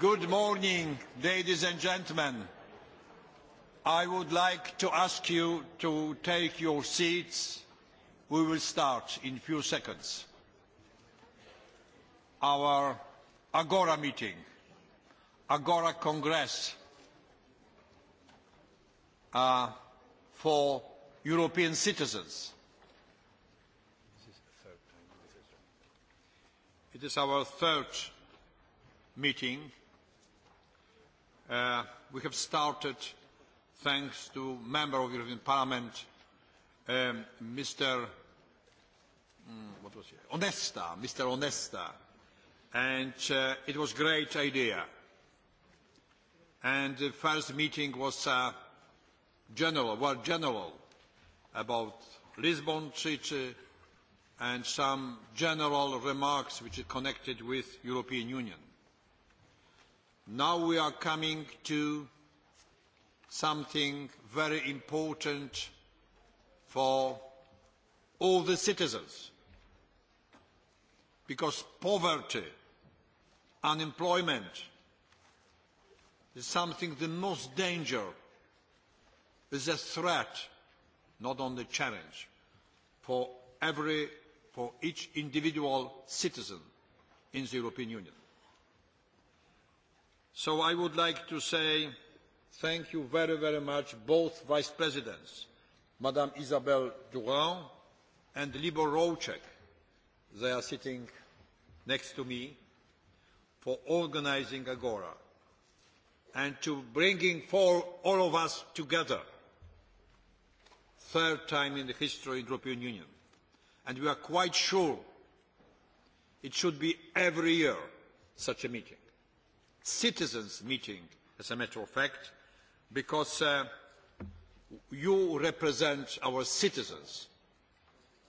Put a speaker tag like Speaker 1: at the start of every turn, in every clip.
Speaker 1: Good morning, ladies and gentlemen. I would like to ask you to take your seats. We will start in a few seconds. Our Agora meeting, Agora Congress uh, for European citizens. It is our third meeting Uh, we have started, thanks to Member of European Parliament, um, Mr. Mm, what was he Onesta, Mr. Onesta, and uh, it was a great idea. And the first meeting was uh, general, well, general about Lisbon Treaty and some general remarks which are connected with European Union. Now we are coming to something very important for all the citizens because poverty, unemployment is something the most danger is a threat, not only challenge, for every, for each individual citizen in the European Union. So I would like to say thank you very, very much, both Vice Presidents, Madame Isabelle Durand and Libor Rouček, they are sitting next to me, for organizing Agora and to bringing for all of us together, third time in the history of the European Union. And we are quite sure it should be every year such a meeting citizens' meeting, as a matter of fact, because uh, you represent our citizens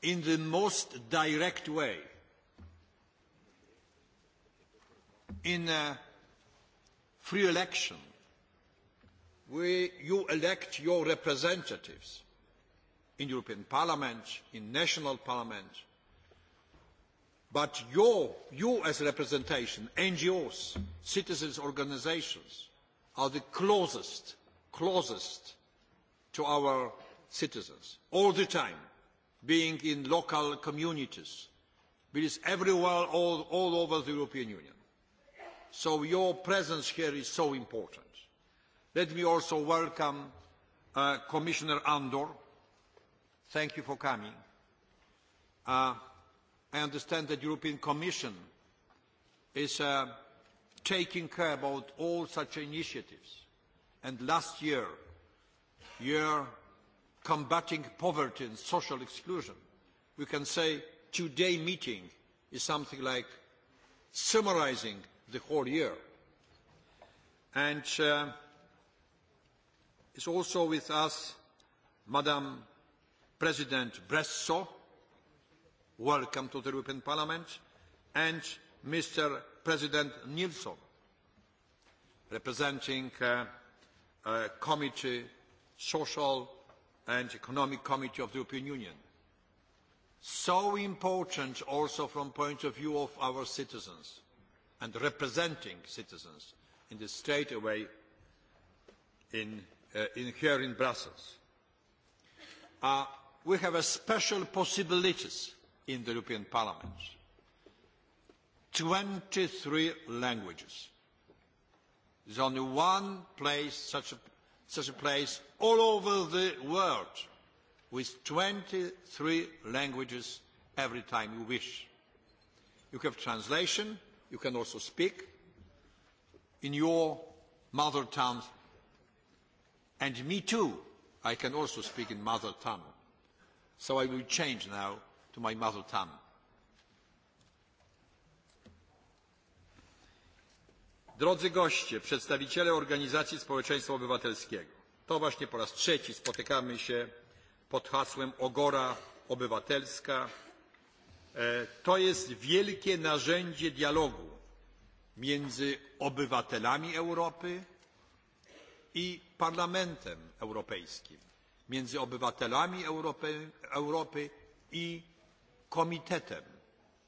Speaker 1: in the most direct way, in a uh, free election, we you elect your representatives in European Parliament, in national parliament, But your, you as representation, NGOs, citizens' organizations, are the closest, closest to our citizens, all the time, being in local communities, but is everywhere all, all over the European Union. So your presence here is so important. Let me also welcome uh, Commissioner Andor. Thank you for coming. Uh, I understand that the European Commission is uh, taking care about all such initiatives. And last year, year combating poverty and social exclusion, we can say today meeting is something like summarizing the whole year. And uh, is also with us Madam President Bresso, Welcome to the European Parliament and Mr. President Nilsson, representing uh, uh, Committee, Social and Economic Committee of the European Union. So important also from point of view of our citizens and representing citizens in the straight away in, uh, in here in Brussels. Uh, we have a special possibilities in the European Parliament. 23 languages. There's only one place, such a, such a place, all over the world, with 23 languages every time you wish. You have translation, you can also speak in your mother tongue, and me too, I can also speak in mother tongue. So I will change now to my mother tongue. Drodzy goście, przedstawiciele organizacji społeczeństwa obywatelskiego, to właśnie po raz trzeci spotykamy się pod hasłem Ogora Obywatelska. E, to jest wielkie narzędzie dialogu między obywatelami Europy i Parlamentem Europejskim, między obywatelami Europy, Europy i Komitetem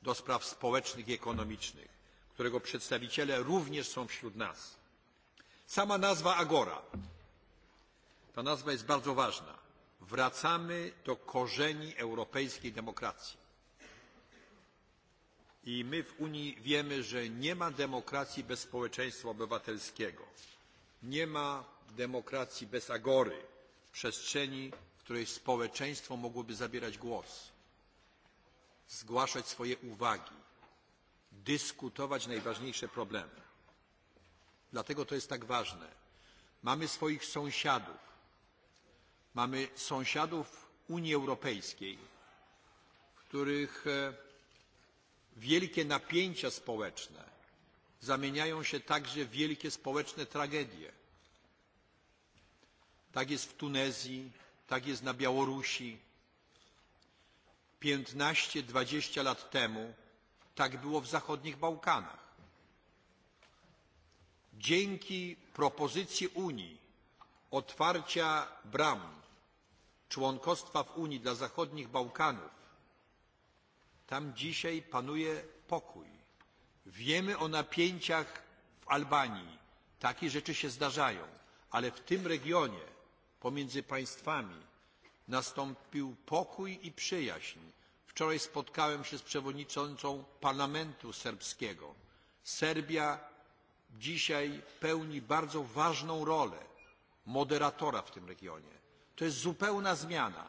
Speaker 1: do Spraw Społecznych i Ekonomicznych, którego przedstawiciele również są wśród nas. Sama nazwa Agora, ta nazwa jest bardzo ważna. Wracamy do korzeni europejskiej demokracji. I my w Unii wiemy, że nie ma demokracji bez społeczeństwa obywatelskiego. Nie ma demokracji bez agory, przestrzeni, w której społeczeństwo mogłoby zabierać głos zgłaszać swoje uwagi, dyskutować najważniejsze problemy. Dlatego to jest tak ważne. Mamy swoich sąsiadów, mamy sąsiadów Unii Europejskiej, w których e, wielkie napięcia społeczne zamieniają się także w wielkie społeczne tragedie. Tak jest w Tunezji, tak jest na Białorusi, 15, 20 lat temu tak było w zachodnich Bałkanach. Dzięki propozycji Unii otwarcia bram członkostwa w Unii dla zachodnich Bałkanów, tam dzisiaj panuje pokój. Wiemy o napięciach w Albanii. Takie rzeczy się zdarzają, ale w tym regionie pomiędzy państwami nastąpił pokój i przyjaźń. Wczoraj spotkałem się z przewodniczącą parlamentu serbskiego. Serbia dzisiaj pełni bardzo ważną rolę moderatora w tym regionie. To jest zupełna zmiana.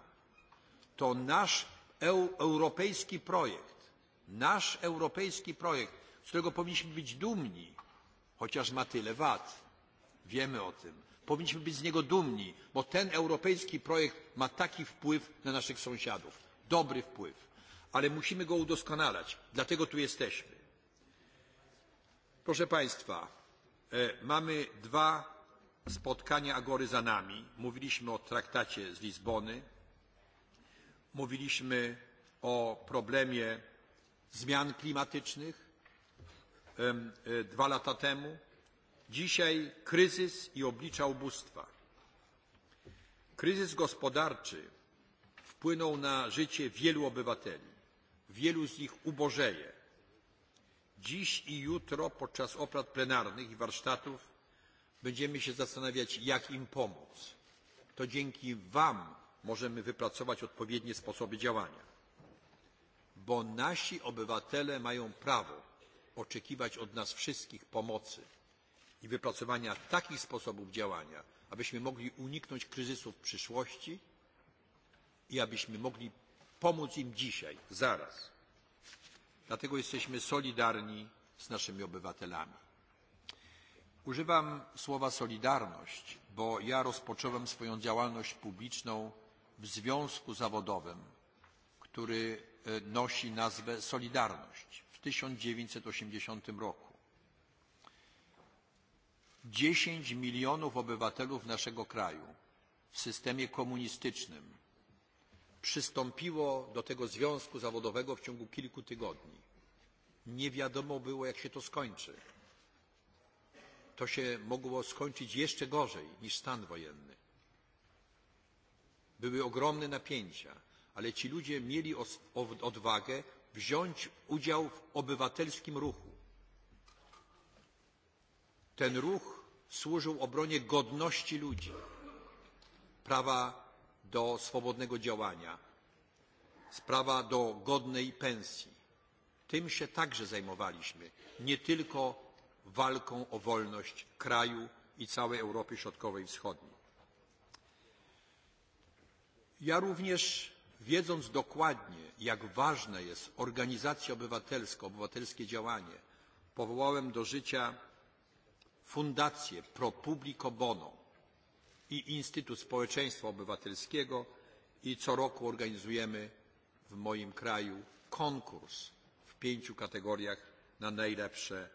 Speaker 1: To nasz eu europejski projekt, nasz europejski projekt, z którego powinniśmy być dumni, chociaż ma tyle wad. Wiemy o tym Powinniśmy być z niego dumni, bo ten europejski projekt ma taki wpływ na naszych sąsiadów. Dobry wpływ. Ale musimy go udoskonalać. Dlatego tu jesteśmy. Proszę Państwa, e, mamy dwa spotkania Agory za nami. Mówiliśmy o traktacie z Lizbony. Mówiliśmy o problemie zmian klimatycznych e, dwa lata temu. Dzisiaj kryzys i oblicza ubóstwa. Kryzys gospodarczy wpłynął na życie wielu obywateli. Wielu z nich ubożeje. Dziś i jutro podczas oprad plenarnych i warsztatów będziemy się zastanawiać, jak im pomóc. To dzięki Wam możemy wypracować odpowiednie sposoby działania. Bo nasi obywatele mają prawo oczekiwać od nas wszystkich pomocy i wypracowania takich sposobów działania, abyśmy mogli uniknąć kryzysów w przyszłości i abyśmy mogli pomóc im dzisiaj, zaraz. Dlatego jesteśmy solidarni z naszymi obywatelami. Używam słowa solidarność, bo ja rozpocząłem swoją działalność publiczną w związku zawodowym, który e, nosi nazwę Solidarność w 1980 roku. 10 milionów obywatelów naszego kraju w systemie komunistycznym przystąpiło do tego związku zawodowego w ciągu kilku tygodni. Nie wiadomo było, jak się to skończy. To się mogło skończyć jeszcze gorzej niż stan wojenny. Były ogromne napięcia, ale ci ludzie mieli odwagę wziąć udział w obywatelskim ruchu Ten ruch służył obronie godności ludzi, prawa do swobodnego działania, sprawa do godnej pensji. Tym się także zajmowaliśmy, nie tylko walką o wolność kraju i całej Europy Środkowej i Wschodniej. Ja również, wiedząc dokładnie, jak ważna jest organizacja obywatelska, obywatelskie działanie, powołałem do życia fundacje pro publico bono i Instytut Społeczeństwa Obywatelskiego i co roku organizujemy w moim kraju konkurs w pięciu kategoriach na najlepsze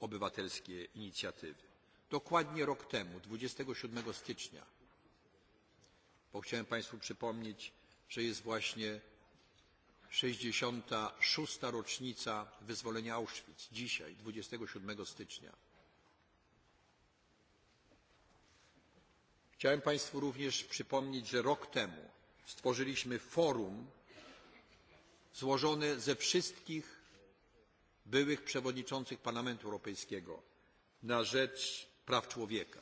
Speaker 1: obywatelskie inicjatywy. Dokładnie rok temu, 27 stycznia, bo chciałem Państwu przypomnieć, że jest właśnie 66. rocznica wyzwolenia Auschwitz, dzisiaj, 27 stycznia Chciałem Państwu również przypomnieć, że rok temu stworzyliśmy forum złożone ze wszystkich byłych przewodniczących Parlamentu Europejskiego na rzecz praw człowieka.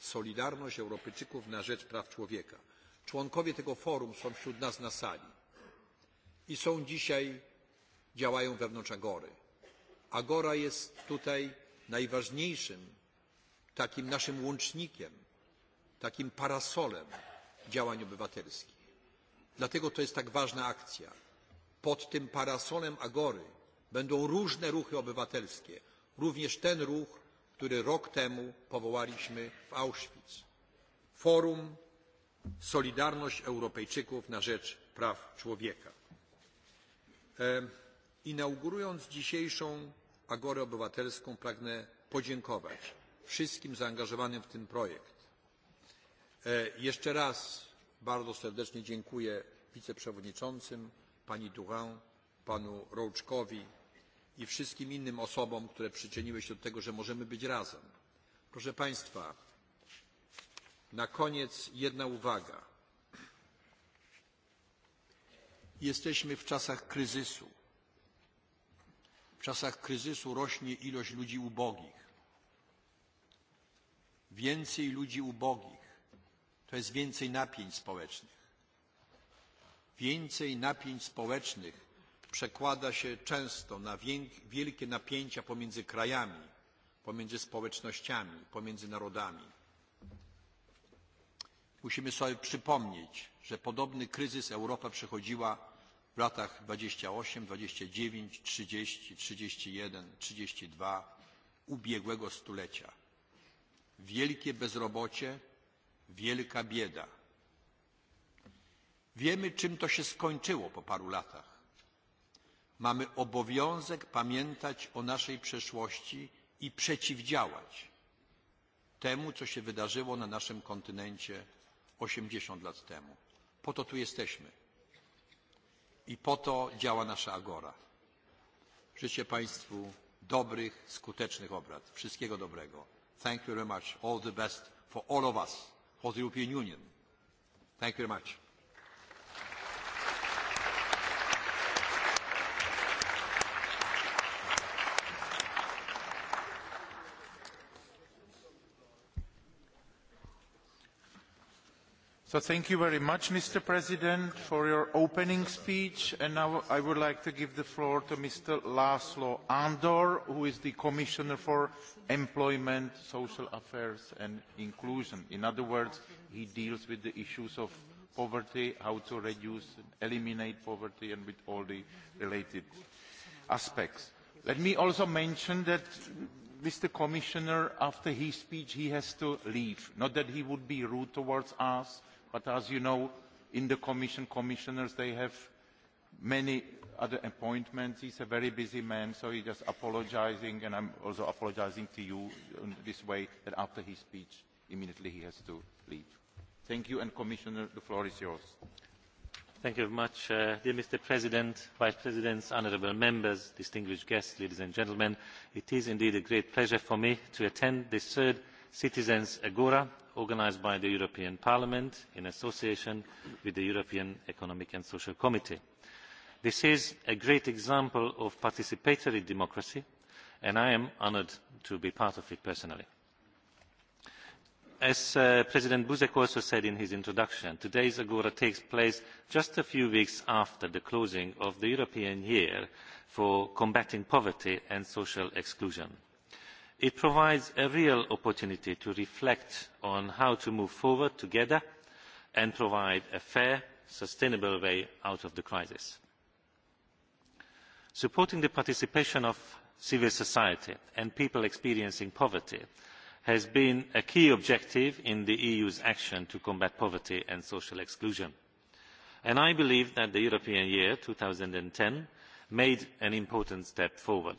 Speaker 1: Solidarność Europejczyków na rzecz praw człowieka. Członkowie tego forum są wśród nas na sali i są dzisiaj, działają wewnątrz Agory. Agora jest tutaj najważniejszym takim naszym łącznikiem takim parasolem działań obywatelskich. Dlatego to jest tak ważna akcja. Pod tym parasolem Agory będą różne ruchy obywatelskie, również ten ruch, który rok temu powołaliśmy w Auschwitz. Forum Solidarność Europejczyków na rzecz praw człowieka. Inaugurując dzisiejszą Agorę Obywatelską pragnę podziękować wszystkim zaangażowanym w ten projekt E, jeszcze raz bardzo serdecznie dziękuję wiceprzewodniczącym, pani Durand, panu Rołczkowi i wszystkim innym osobom, które przyczyniły się do tego, że możemy być razem. Proszę Państwa, na koniec jedna uwaga. Jesteśmy w czasach kryzysu. W czasach kryzysu rośnie ilość ludzi ubogich. Więcej ludzi ubogich przez więcej napięć społecznych. Więcej napięć społecznych przekłada się często na wielkie napięcia pomiędzy krajami, pomiędzy społecznościami, pomiędzy narodami. Musimy sobie przypomnieć, że podobny kryzys Europa przechodziła w latach 28, 29, 30, 31, 32 ubiegłego stulecia. Wielkie bezrobocie wielka bieda. Wiemy, czym to się skończyło po paru latach. Mamy obowiązek pamiętać o naszej przeszłości i przeciwdziałać temu, co się wydarzyło na naszym kontynencie 80 lat temu. Po to tu jesteśmy. I po to działa nasza agora. Życzę Państwu dobrych, skutecznych obrad. Wszystkiego dobrego. Thank you very much. All the best for all of us for the European Union. Thank you very much.
Speaker 2: So thank you very much, Mr. President, for your opening speech. And now I would like to give the floor to Mr. Laszlo Andor, who is the Commissioner for Employment, Social Affairs and Inclusion. In other words, he deals with the issues of poverty, how to reduce, and eliminate poverty, and with all the related aspects. Let me also mention that Mr. Commissioner, after his speech, he has to leave. Not that he would be rude towards us, But as you know, in the Commission, commissioners, they have many other appointments. He's a very busy man, so he's just apologizing, and I'm also apologizing to you in this way that after his speech, immediately he has to leave. Thank you, and Commissioner, the floor is yours. Thank
Speaker 3: you very much, uh, dear Mr. President, Vice Presidents, honourable members, distinguished guests, ladies and gentlemen. It is indeed a great pleasure for me to attend the third Citizens Agora organised by the european parliament in association with the european economic and social committee. this is a great example of participatory democracy and i am honoured to be part of it personally. as uh, president buzek also said in his introduction today's agora takes place just a few weeks after the closing of the european year for combating poverty and social exclusion It provides a real opportunity to reflect on how to move forward together and provide a fair, sustainable way out of the crisis. Supporting the participation of civil society and people experiencing poverty has been a key objective in the eu's action to combat poverty and social exclusion and i believe that the european year two thousand and ten made an important step forward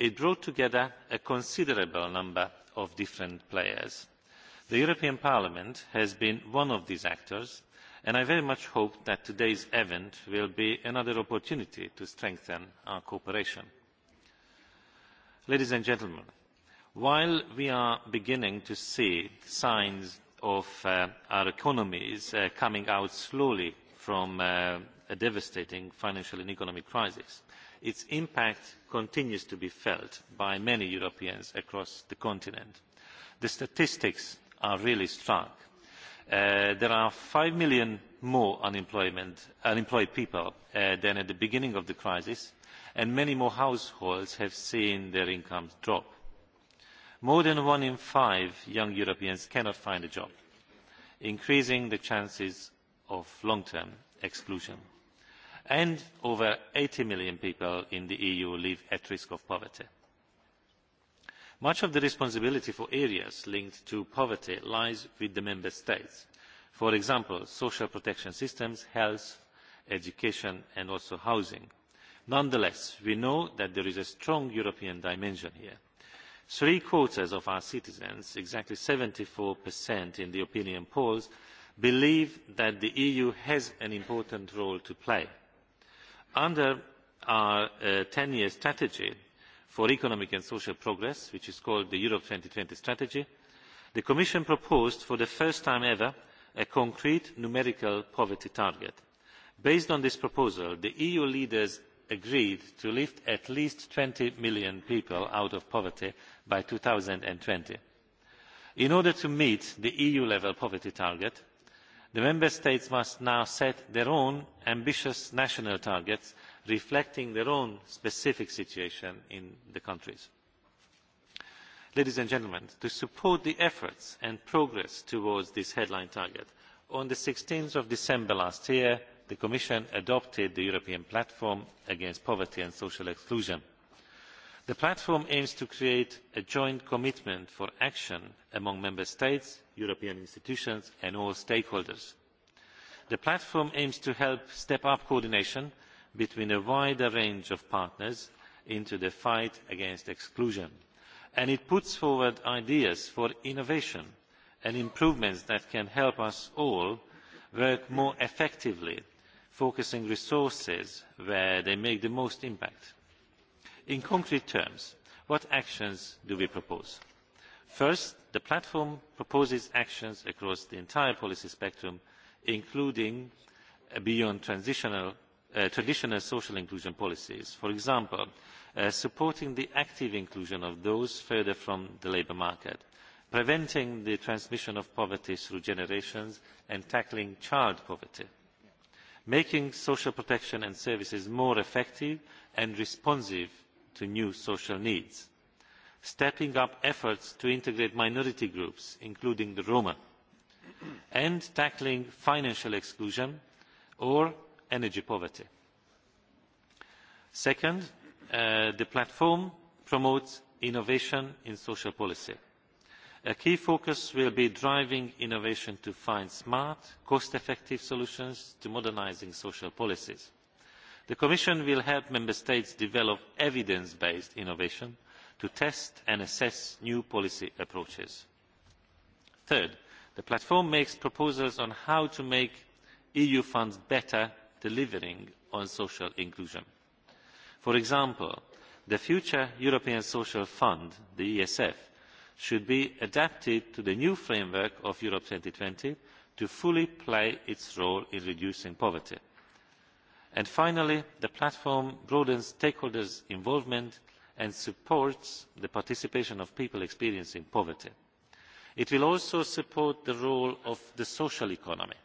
Speaker 3: it brought together a considerable number of different players. the european parliament has been one of these actors and i very much hope that today's event will be another opportunity to strengthen our cooperation. ladies and gentlemen while we are beginning to see signs of uh, our economies uh, coming out slowly from uh, a devastating financial and economic crisis its impact continues to be felt by many europeans across the continent. the statistics are really stark. Uh, there are five million more unemployed people uh, than at the beginning of the crisis and many more households have seen their incomes drop. more than one in five young europeans cannot find a job increasing the chances of long term exclusion and over eighty million people in the eu live at risk of poverty. much of the responsibility for areas linked to poverty lies with the member states for example social protection systems health education and also housing. nonetheless we know that there is a strong european dimension here. three quarters of our citizens exactly seventy four in the opinion polls believe that the eu has an important role to play Under our ten uh, year strategy for economic and social progress, which is called the Europe twenty strategy, the Commission proposed for the first time ever a concrete numerical poverty target. Based on this proposal, the EU leaders agreed to lift at least twenty million people out of poverty by. 2020. twenty in order to meet the eu level poverty target the member states must now set their own ambitious national targets reflecting their own specific situation in the countries. Ladies and gentlemen, to support the efforts and progress towards this headline target, on sixteen december last year the commission adopted the european platform against poverty and social exclusion. the platform aims to create a joint commitment for action among member states European institutions and all stakeholders. The platform aims to help step up coordination between a wider range of partners in the fight against exclusion and it puts forward ideas for innovation and improvements that can help us all work more effectively focusing resources where they make the most impact. in concrete terms what actions do we propose? first the platform proposes actions across the entire policy spectrum including uh, beyond uh, traditional social inclusion policies for example uh, supporting the active inclusion of those further from the labour market preventing the transmission of poverty through generations and tackling child poverty making social protection and services more effective and responsive to new social needs stepping up efforts to integrate minority groups including the roma and tackling financial exclusion or energy poverty. second uh, the platform promotes innovation in social policy. a key focus will be driving innovation to find smart cost effective solutions to modernising social policies. the commission will help member states develop evidence based innovation to test and assess new policy approaches. third the platform makes proposals on how to make eu funds better delivering on social inclusion. for example the future european social fund the esf should be adapted to the new framework of europe two thousand and twenty to fully play its role in reducing poverty. and finally the platform broadens stakeholders' involvement and supports the participation of people experiencing poverty. it will also support the role of the social economy.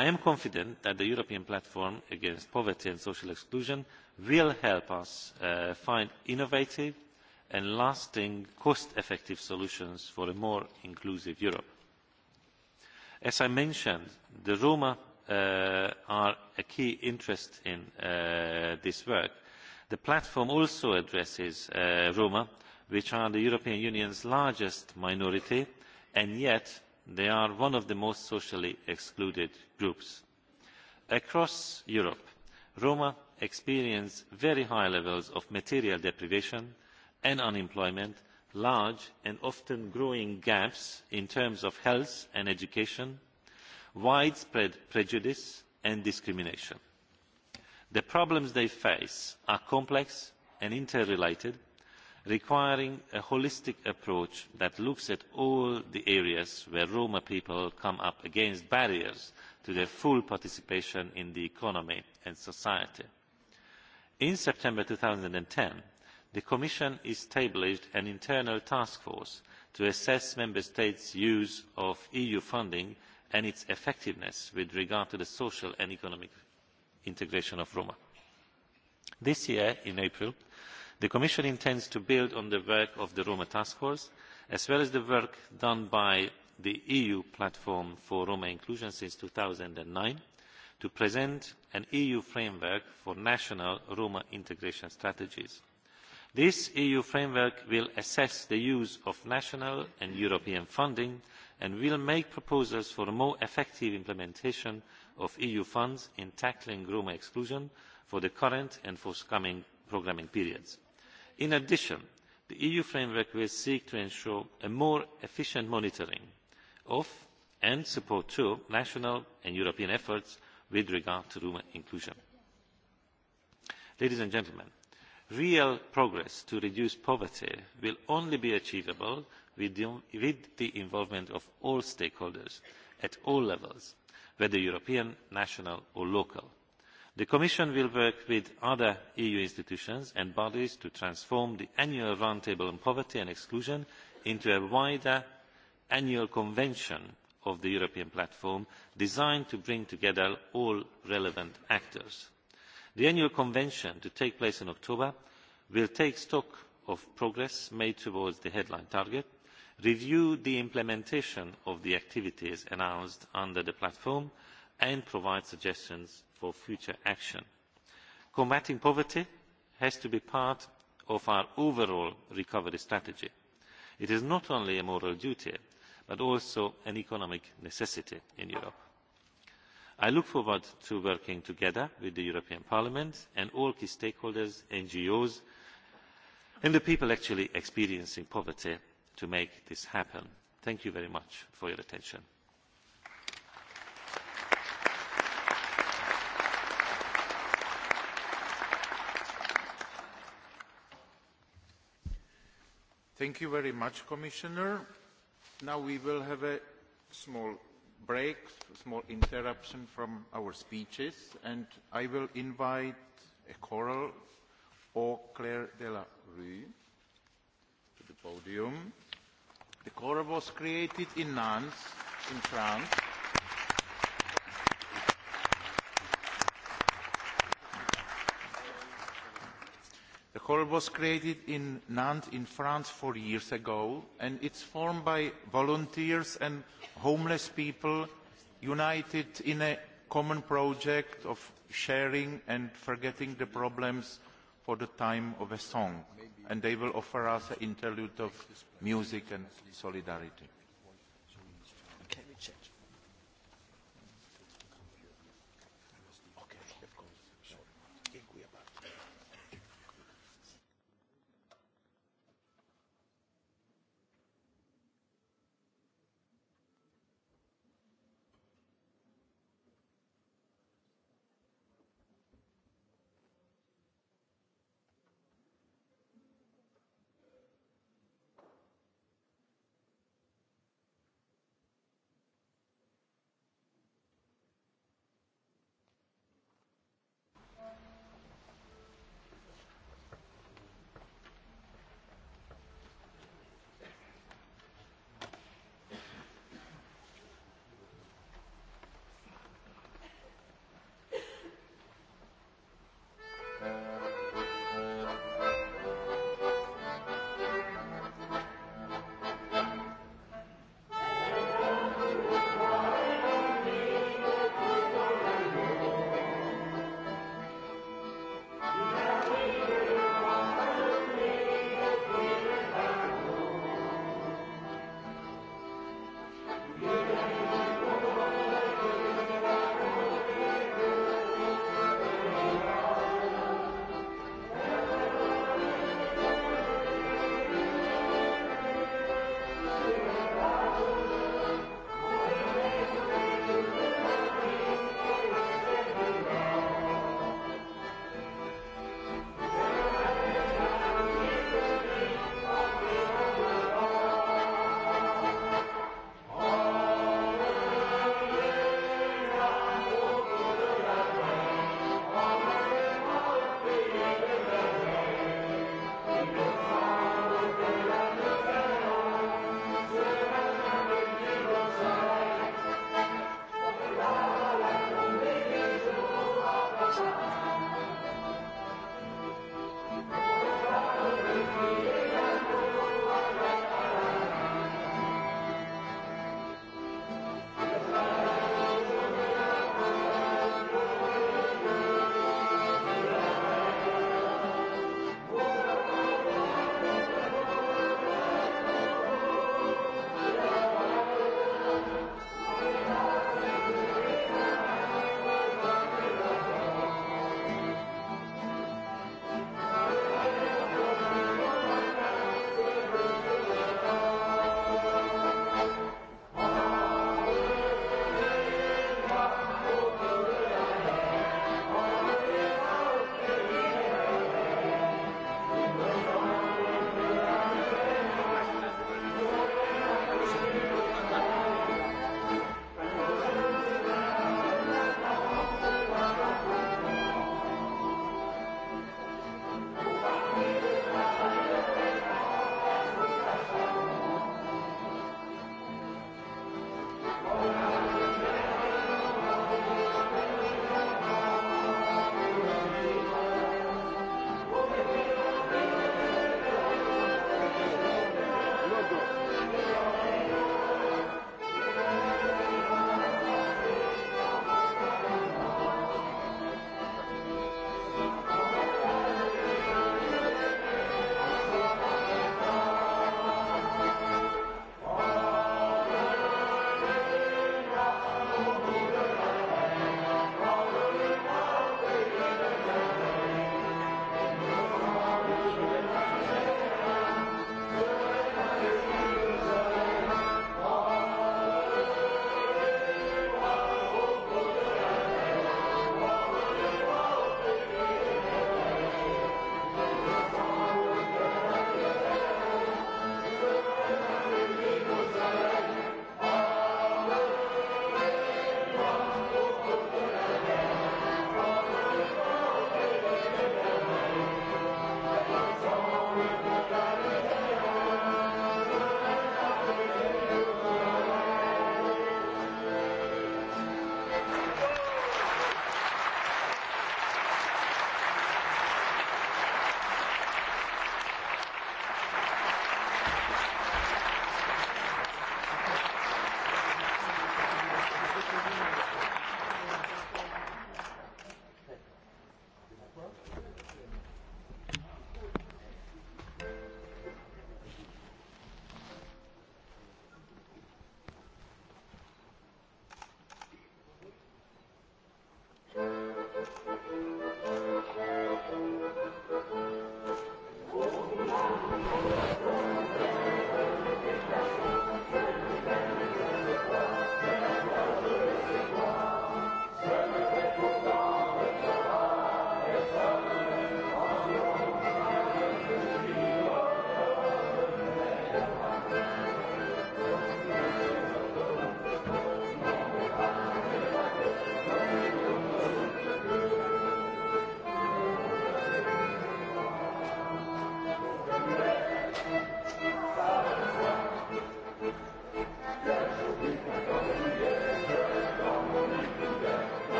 Speaker 3: i am confident that the european platform against poverty and social exclusion will help us uh, find innovative and lasting cost effective solutions for a more inclusive europe. as i mentioned the roma uh, are a key interest in uh, this work The platform also addresses uh, Roma, which are the European Union's largest minority, and yet they are one of the most socially excluded groups. Across Europe, Roma experience very high levels of material deprivation and unemployment, large and often growing gaps in terms of health and education, widespread prejudice and discrimination the problems they face are complex and interrelated requiring a holistic approach that looks at all the areas where roma people come up against barriers to their full participation in the economy and society. in september two thousand and ten the commission established an internal task force to assess member states' use of eu funding and its effectiveness with regard to the social and economic integration of Roma. This year, in April, the Commission intends to build on the work of the Roma Task Force, as well as the work done by the EU platform for Roma inclusion since two thousand nine, to present an EU framework for national Roma integration strategies. This EU framework will assess the use of national and European funding and will make proposals for a more effective implementation of EU funds in tackling Roma exclusion for the current and forthcoming programming periods. In addition, the EU framework will seek to ensure a more efficient monitoring of and support to national and European efforts with regard to Roma inclusion. Ladies and gentlemen, real progress to reduce poverty will only be achievable with the, with the involvement of all stakeholders at all levels whether European, national or local. The Commission will work with other EU institutions and bodies to transform the annual roundtable on poverty and exclusion into a wider annual convention of the European platform designed to bring together all relevant actors. The annual convention to take place in October will take stock of progress made towards the headline target review the implementation of the activities announced under the platform and provide suggestions for future action. combating poverty has to be part of our overall recovery strategy. it is not only a moral duty but also an economic necessity in europe. i look forward to working together with the european parliament and all key stakeholders ngos and the people actually experiencing poverty to make this happen. Thank you very much for your attention.
Speaker 2: Thank you very much, Commissioner. Now we will have a small break, a small interruption from our speeches, and I will invite a choral or Claire de la Rue to the podium. The Corps was created in Nantes, in France. The Corps was created in Nantes, in France, four years ago, and it's formed by volunteers and homeless people united in a common project of sharing and forgetting the problems for the time of a song and they will offer us an interlude of music and solidarity.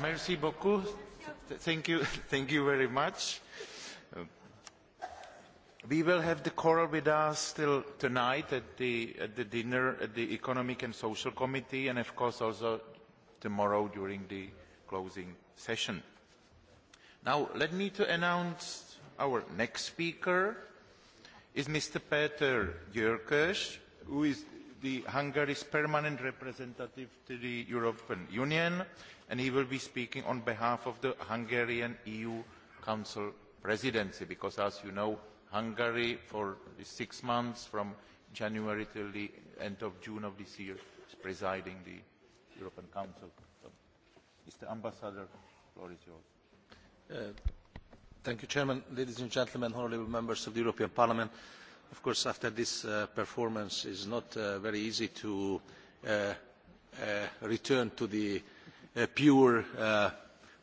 Speaker 2: merci beaucoup. Thank you, thank you very much. Uh, we will have the choral with us still tonight at the, at the dinner at the Economic and Social Committee and of course also tomorrow during the closing session. Now let me to announce our next speaker is Mr. Peter Jörkes, who is the Hungary's permanent representative to the European Union, and he will be speaking on behalf of the Hungarian EU Council presidency, because as you know, Hungary for the six months from January till the end of June of this year is presiding the European Council. So, Mr. Ambassador, the floor is yours.
Speaker 4: Uh, thank you, Chairman. Ladies and gentlemen, honorable members of the European Parliament, Of course, after this uh, performance, it's not uh, very easy to uh, uh, return to the uh, pure uh,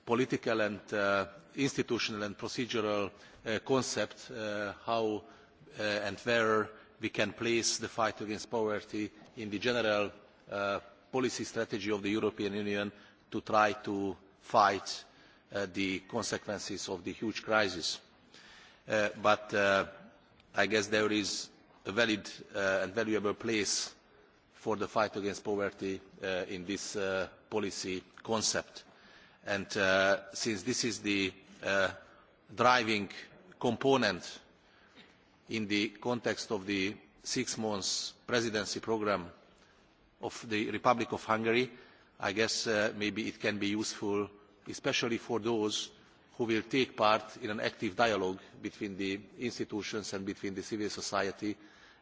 Speaker 4: political and uh, institutional and procedural uh, concept uh, how uh, and where we can place the fight against poverty in the general uh, policy strategy of the European Union to try to fight uh, the consequences of the huge crisis. Uh, but uh, I guess there is a valid uh, and valuable place for the fight against poverty uh, in this uh, policy concept. And since this is the driving component in the context of the six months presidency programme of the Republic of Hungary, I guess maybe it can be useful, especially for those who will take part in an active dialogue between the institutions and between the civil society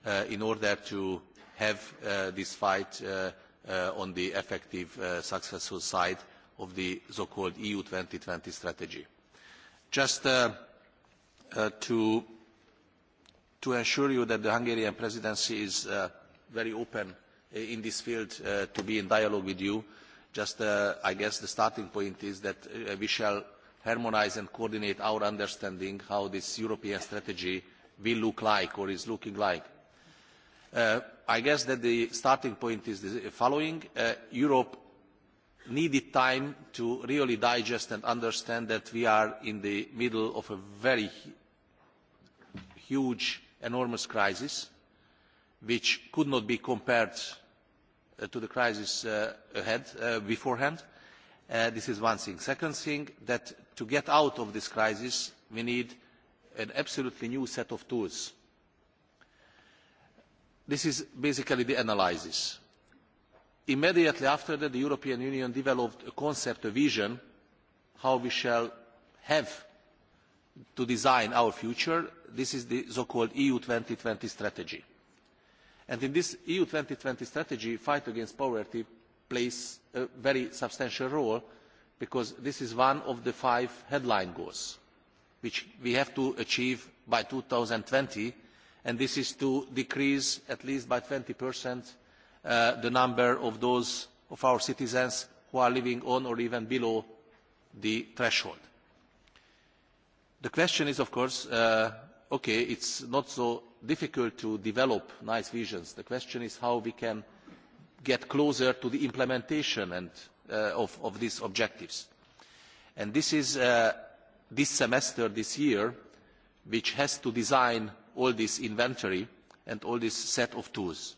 Speaker 4: uh, in order to have uh, this fight uh, uh on the effective uh, successful side of the so-called EU 2020 strategy. Just uh, uh, to, to assure you that the Hungarian presidency is uh, very open uh, in this field uh, to be in dialogue with you, just uh, I guess the starting point is that uh, we shall harmonise and coordinate our understanding of how this European strategy will look like or is looking like. Uh, I guess that the starting point is the following. Uh, Europe needed time to really digest and understand that we are in the middle of a very huge, enormous crisis, which could not be compared uh, to the crisis uh, ahead, uh, beforehand. Uh, this is one thing. Second thing, that to get out of this crisis, we need an absolutely new set of tools. This is basically the analysis. Immediately after that, the European Union developed a concept, a vision, how we shall have to design our future. This is the so-called EU twenty strategy. And in this EU twenty strategy, fight against poverty plays a very substantial role because this is one of the five headline goals which we have to achieve by twenty and this is to decrease at least by twenty uh, the number of those of our citizens who are living on or even below the threshold. The question is, of course, uh, okay, it's not so difficult to develop nice visions. The question is how we can get closer to the implementation and Uh, of, of, these objectives. And this is uh, this semester, this year, which has to design all this inventory and all this set of tools.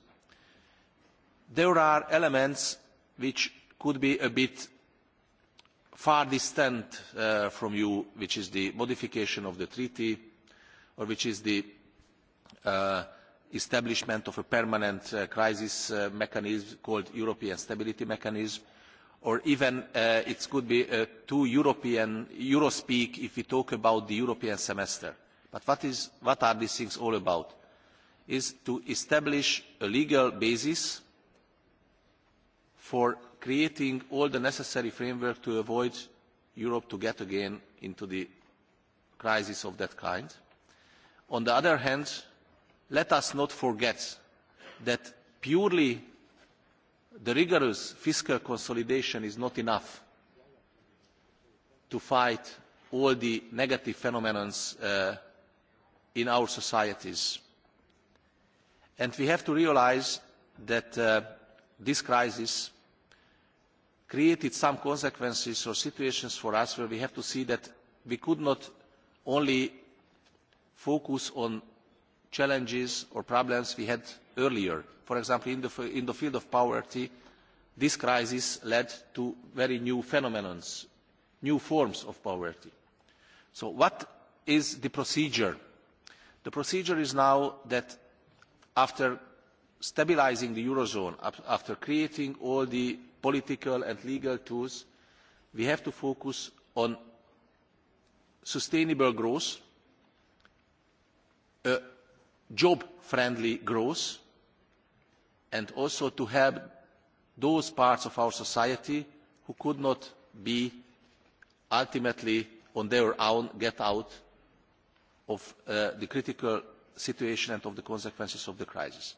Speaker 4: There are elements which could be a bit far distant uh, from you, which is the modification of the treaty, or which is the uh, establishment of a permanent uh, crisis uh, mechanism called European Stability Mechanism, or even uh, it could be uh, too European, Eurospeak if we talk about the European semester. But what, is, what are these things all about? Is to establish a legal basis for creating all the necessary framework to avoid Europe to get again into the crisis of that kind. On the other hand, let us not forget that purely the rigorous fiscal consolidation is not enough to fight all the negative phenomena uh, in our societies. And we have to realise that uh, this crisis created some consequences or situations for us where we have to see that we could not only focus on challenges or problems we had earlier for example, in the, field of poverty, this crisis led to very new phenomena, new forms of poverty. So what is the procedure? The procedure is now that after stabilising the Eurozone, after creating all the political and legal tools, we have to focus on sustainable growth, job-friendly growth, and also to help those parts of our society who could not be ultimately on their own get out of uh, the critical situation and of the consequences of the crisis.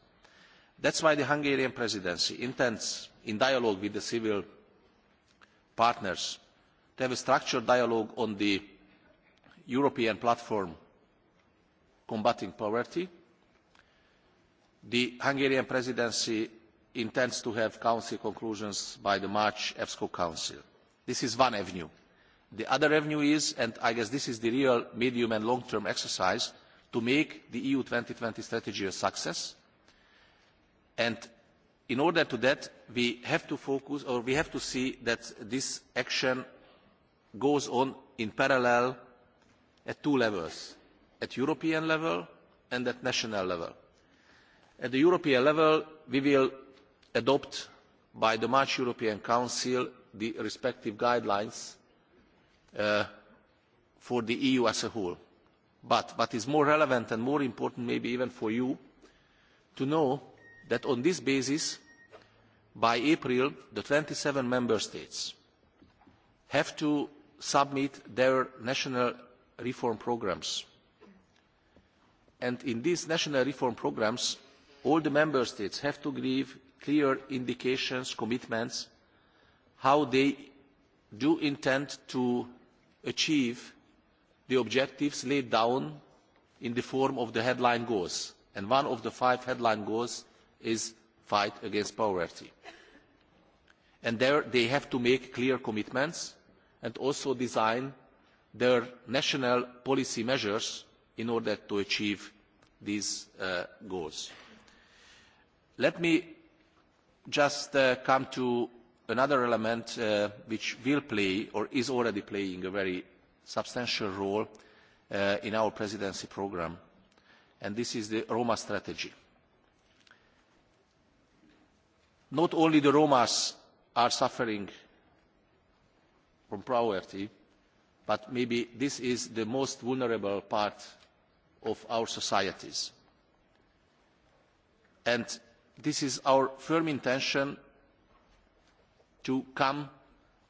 Speaker 4: That is why the Hungarian presidency intends, in dialogue with the civil partners, to have a structured dialogue on the European platform combating poverty, The Hungarian presidency intends to have council conclusions by the March EPSCO Council. This is one avenue. The other avenue is, and I guess this is the real medium and long-term exercise, to make the EU twenty strategy a success. And in order to that, we have to focus, or we have to see that this action goes on in parallel at two levels, at European level and at national level. At the European level, we will adopt by the March European Council the respective guidelines uh, for the EU as a whole. But what is more relevant and more important maybe even for you to know that on this basis, by April, the twenty seven member states have to submit their national reform programmes. And in these national reform programmes, all the member states have to give clear indications, commitments, how they do intend to achieve the objectives laid down in the form of the headline goals. And one of the five headline goals is fight against poverty. And there they have to make clear commitments and also design their national policy measures in order to achieve these uh, goals. Let me just uh, come to another element uh, which will play or is already playing a very substantial role uh, in our presidency programme, and this is the Roma strategy. Not only the Romas are suffering from poverty, but maybe this is the most vulnerable part of our societies. And this is our firm intention to come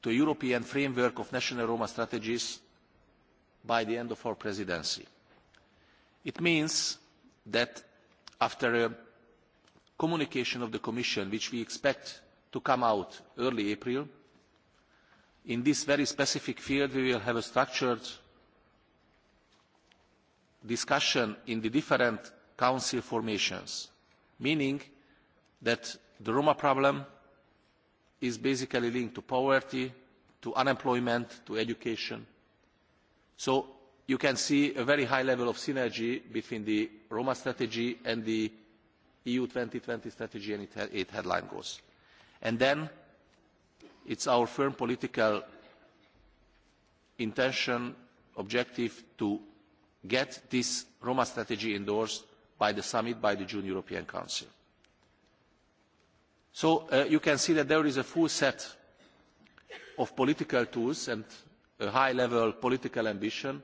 Speaker 4: to a European framework of national Roma strategies by the end of our presidency. It means that after a communication of the Commission, which we expect to come out early April, in this very specific field we will have a structured discussion in the different council formations, meaning that the Roma problem is basically linked to poverty, to unemployment, to education. So you can see a very high level of synergy between the Roma strategy and the EU twenty strategy and its headline goals. And then it is our firm political intention, objective to get this Roma strategy endorsed by the summit, by the June European Council. So uh, you can see that there is a full set of political tools and a high level political ambition.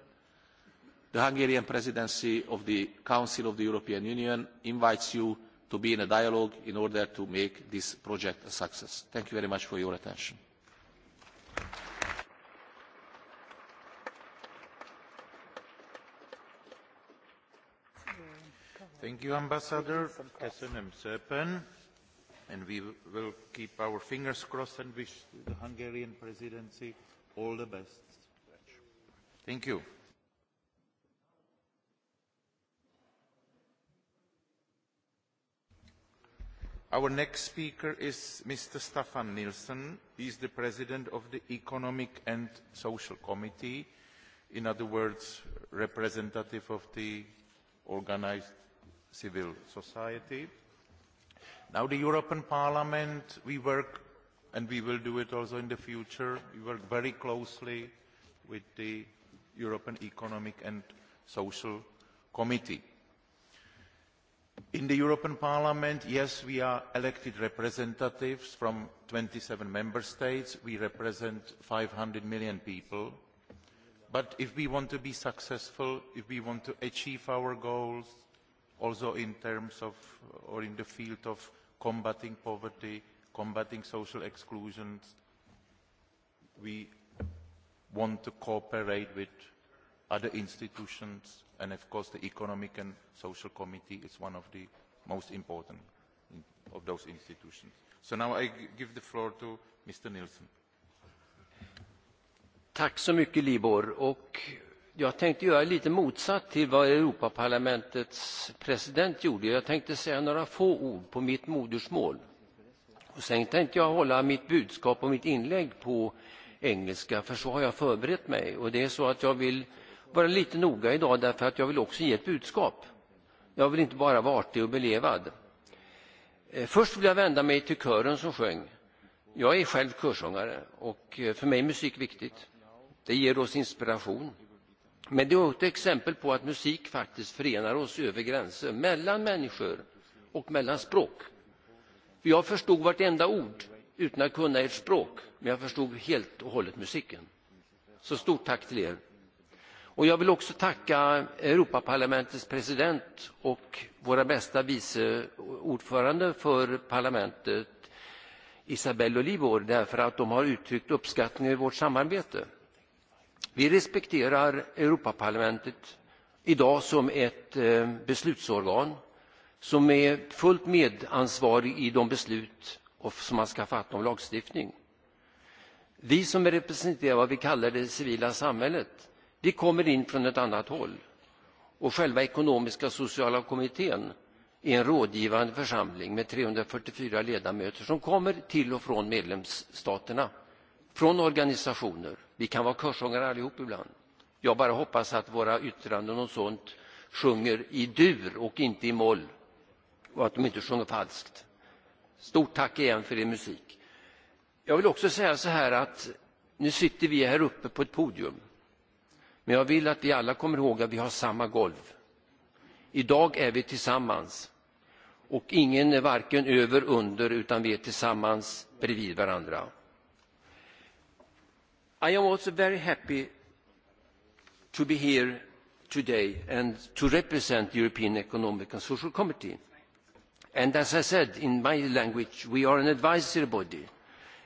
Speaker 4: The Hungarian presidency of the Council of the European Union invites you to be in a dialogue in order to make this project a success. Thank you very much for your attention.
Speaker 2: Thank you, Ambassador and we will keep our fingers crossed and wish the Hungarian presidency all the best. Thank you. Our next speaker is Mr. Stefan Nilsson. He is the president of the Economic and Social Committee, in other words, representative of the organized civil society. Now the European Parliament, we work, and we will do it also in the future, we work very closely with the European Economic and Social Committee. In the European Parliament, yes, we are elected representatives from 27 member states. We represent 500 million people. But if we want to be successful, if we want to achieve our goals, also in terms of or in the field of combating poverty, combating social exclusion. We want to cooperate with other institutions and of course the Economic and Social Committee is one of the most important of those institutions. So now I give the floor to Mr. Nilsson. Tack
Speaker 5: så mycket Libor och Jag tänkte göra lite motsatt till vad Europaparlamentets president gjorde. Jag tänkte säga några få ord på mitt modersmål. Och sen tänkte jag hålla mitt budskap och mitt inlägg på engelska, för så har jag förberett mig. Och det är så att jag vill vara lite noga idag därför att jag vill också ge ett budskap. Jag vill inte bara vara artig och belevad. Eh, först vill jag vända mig till kören som sjöng. Jag är själv körsångare och eh, för mig är musik viktigt. Det ger oss inspiration. Men det är också exempel på att musik faktiskt förenar oss över gränser, mellan människor och mellan språk. För jag förstod vartenda ord utan att kunna ert språk, men jag förstod helt och hållet musiken. Så stort tack till er. Och jag vill också tacka Europaparlamentets president och våra bästa vice ordförande för parlamentet, Isabelle Olivor, därför att de har uttryckt uppskattning över vårt samarbete. Vi respekterar Europaparlamentet idag som ett eh, beslutsorgan som är fullt medansvarig i de beslut som man ska fatta om lagstiftning. Vi som representerar vad vi kallar det civila samhället, vi kommer in från ett annat håll. Och själva ekonomiska och sociala kommittén är en rådgivande församling med 344 ledamöter som kommer till och från medlemsstaterna från organisationer. Vi kan vara körsångare allihop ibland. Jag bara hoppas att våra yttranden och sånt sjunger i dur och inte i moll och att de inte sjunger falskt. Stort tack igen för er musik. Jag vill också säga så här att nu sitter vi här uppe på ett podium. Men jag vill att vi alla kommer ihåg att vi har samma golv. Idag är vi tillsammans. Och ingen är varken över, under, utan vi är tillsammans bredvid varandra. I am also very happy to be here today and to represent the European Economic and Social Committee. And as I said in my language, we are an advisory body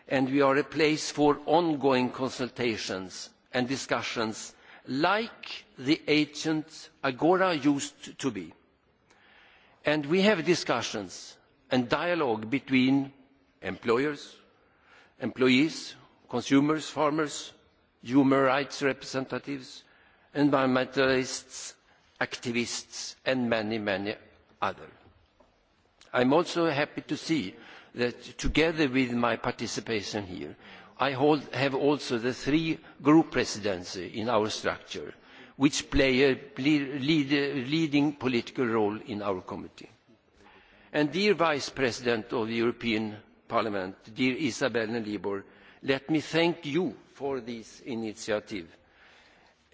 Speaker 5: and we are a place for ongoing consultations and discussions like the ancient Agora used to be. And we have discussions and dialogue between employers, employees, consumers, farmers, human rights representatives, environmentalists, activists, and many, many others. I am also happy to see that together with my participation here, I hold, have also the three group presidency in our structure, which play a lead, leading political role in our committee. And dear Vice President of the European Parliament, dear Isabel Libor, Let me thank you for this initiative.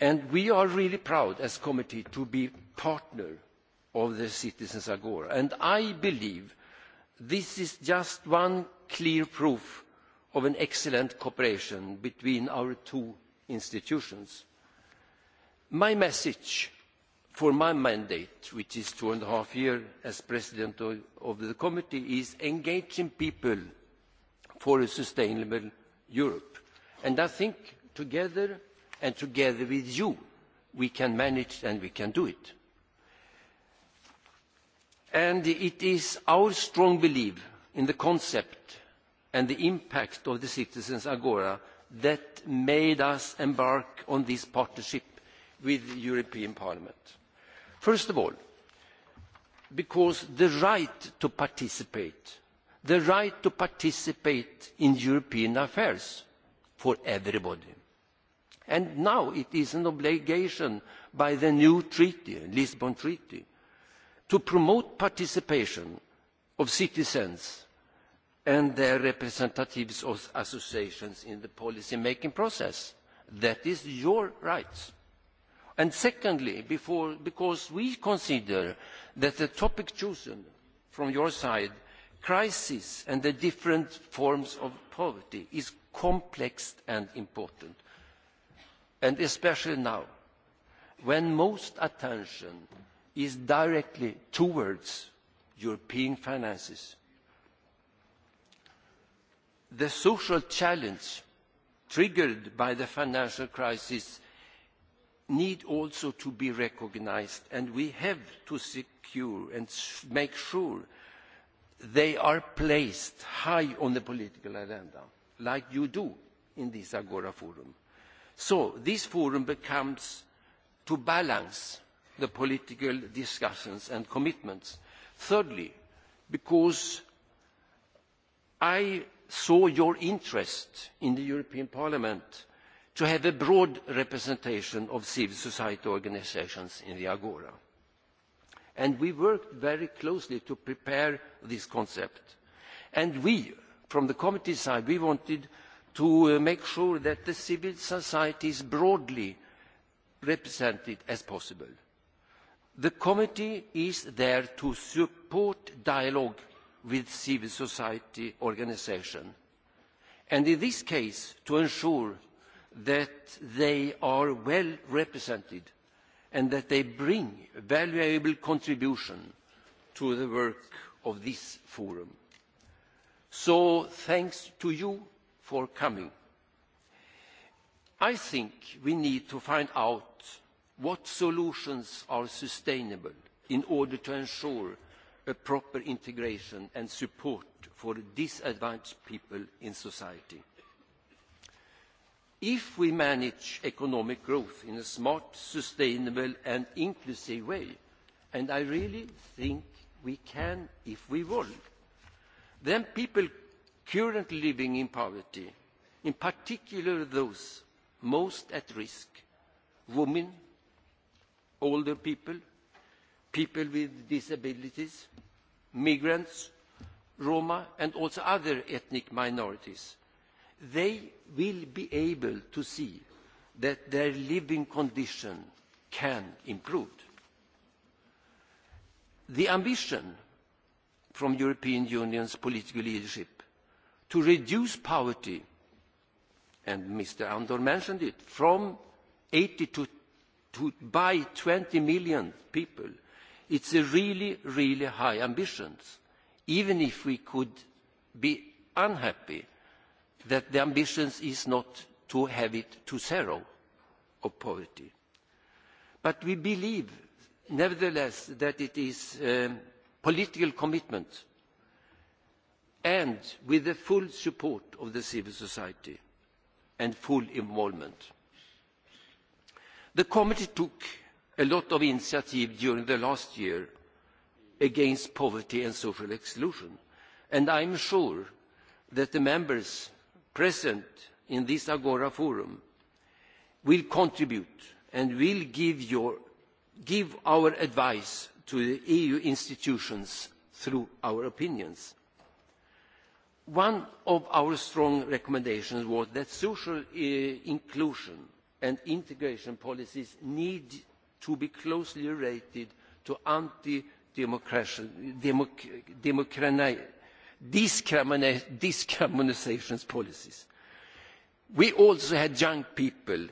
Speaker 5: And we are really proud as committee to be partner of the Citizens Agora. And I believe this is just one clear proof of an excellent cooperation between our two institutions. My message for my mandate, which is two and a half years as president of, of the committee, is engaging people for a sustainable Europe. And I think together and together with you, we can manage and we can do it. And it is our strong belief in the concept and the impact of the Citizens Agora that made us embark on this partnership with the European Parliament. First of all, because the right to participate the right to participate in European affairs for everybody. And now it is an obligation by the new treaty, Lisbon Treaty, to promote participation of citizens and their representatives of associations in the policy-making process. That is your right. And secondly, before, because we consider that the topic chosen from your side crisis and the different forms of poverty is complex and important. And especially now, when most attention is directly towards European finances. The social challenge triggered by the financial crisis need also to be recognized and we have to secure and make sure they are placed high on the political agenda, like you do in this Agora Forum. So this forum becomes to balance the political discussions and commitments. Thirdly, because I saw your interest in the European Parliament to have a broad representation of civil society organisations in the Agora. And we worked very closely to prepare this concept. And we, from the committee side, we wanted to uh, make sure that the civil society is broadly represented as possible. The committee is there to support dialogue with civil society organisations and in this case to ensure that they are well represented and that they bring valuable contribution to the work of this forum. So thanks to you for coming. I think we need to find out what solutions are sustainable in order to ensure a proper integration and support for disadvantaged people in society. If we manage economic growth in a smart, sustainable and inclusive way, and I really think we can if we will, then people currently living in poverty, in particular those most at risk, women, older people, people with disabilities, migrants, Roma and also other ethnic minorities they will be able to see that their living condition can improve. The ambition from European Union's political leadership to reduce poverty, and Mr. Andor mentioned it, from 80 to, to by 20 million people, it's a really, really high ambition, even if we could be unhappy that the ambition is not to have it to zero of poverty. But we believe, nevertheless, that it is a um, political commitment and with the full support of the civil society and full involvement. The committee took a lot of initiative during the last year against poverty and social exclusion, and I am sure that the members present in this Agora Forum will contribute and will give, your, give our advice to the EU institutions through our opinions. One of our strong recommendations was that social uh, inclusion and integration policies need to be closely related to anti-democratic discrimination policies. We also had young people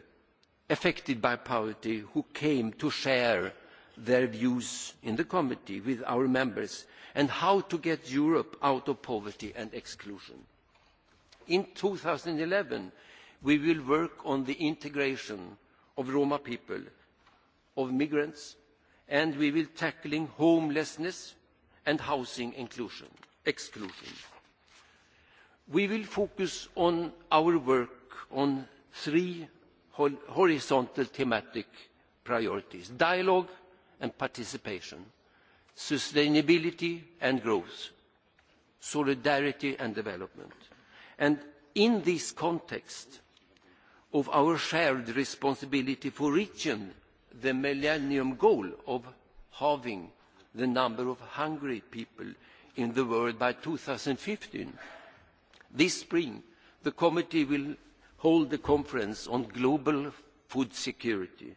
Speaker 5: affected by poverty who came to share their views in the committee with our members and how to get Europe out of poverty and exclusion. In eleven we will work on the integration of Roma people, of migrants, and we will tackle homelessness and housing inclusion exclusion. We will focus on our work on three horizontal thematic priorities, dialogue and participation, sustainability and growth, solidarity and development. And in this context of our shared responsibility for reaching the Millennium Goal of halving the number of hungry people in the world by fifteen. This spring, the committee will hold a conference on global food security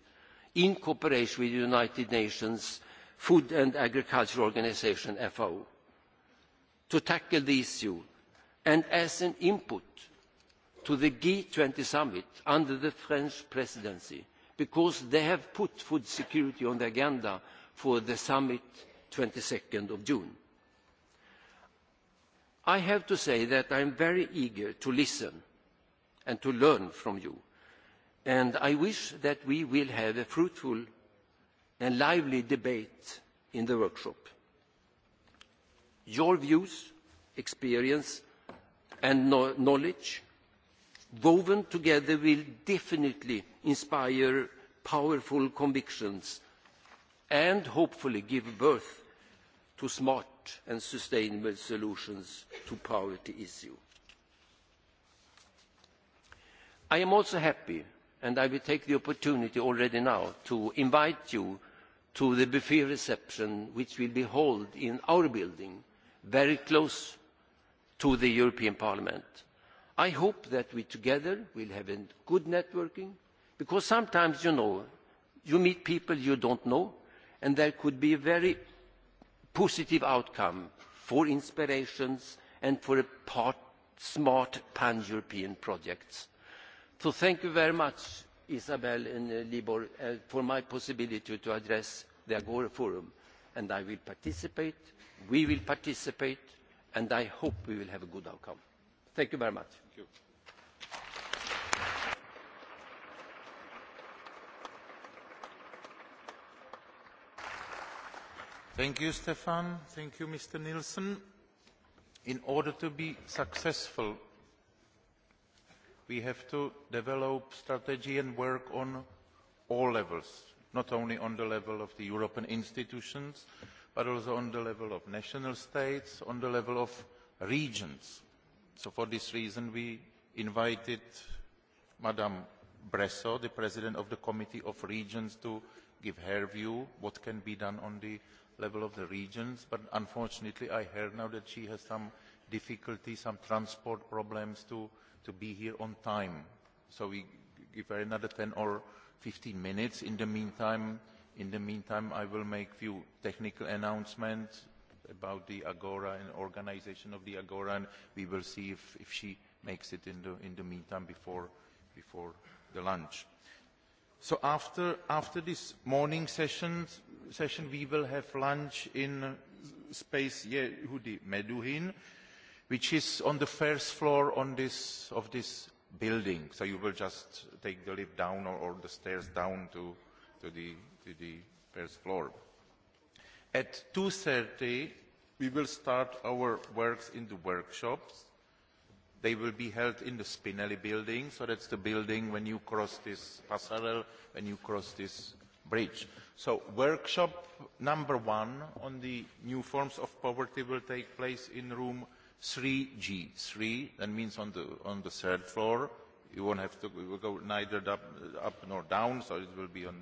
Speaker 5: in cooperation with the United Nations Food and Agriculture Organization, FAO, to tackle the issue and as an input to the g twenty summit under the French presidency because they have put food security on the agenda for the summit 22nd of June. I have to say that I am very eager to listen and to learn from you. And I wish that we will have a fruitful and lively debate in the workshop. Your views, experience and knowledge woven together will definitely inspire powerful convictions and hopefully give birth to smart and sustainable solutions to poverty issue. I am also happy, and I will take the opportunity already now to invite you to the buffet reception which will be held in our building, very close to the European Parliament. I hope that we together will have a good networking, because sometimes, you know, you meet people you don't know, and there could be a very positive outcome for inspirations and for a part, smart pan-European projects. So thank you very much, Isabel and uh, Libor, uh, for my possibility to address the Agora Forum. And I will participate, we will participate, and I hope we will have a good outcome. Thank you very much. Thank you.
Speaker 2: Thank you, Stefan. Thank you, Mr. Nielsen. In order to be successful, we have to develop strategy and work on all levels, not only on the level of the European institutions, but also on the level of national states, on the level of regions. So for this reason, we invited Madame Bresso, the President of the Committee of Regions, to give her view what can be done on the level of the regions, but unfortunately I heard now that she has some difficulty, some transport problems to, to be here on time. So we give her another 10 or 15 minutes. In the meantime, in the meantime I will make a few technical announcements about the Agora and organization of the Agora, and we will see if, if she makes it in the, in the meantime before, before the lunch. So after, after this morning sessions, session we will have lunch in space Yehudi Meduhin, which is on the first floor on this, of this building. So you will just take the lift down or, or the stairs down to, to, the, to the first floor. At 2.30, we will start our works in the workshops. They will be held in the Spinelli building, so that's the building when you cross this passerelle, when you cross this bridge. So workshop number one on the new forms of poverty will take place in room 3G. 3, that means on the, on the third floor. You won't have to will go neither up, up nor down, so it will be on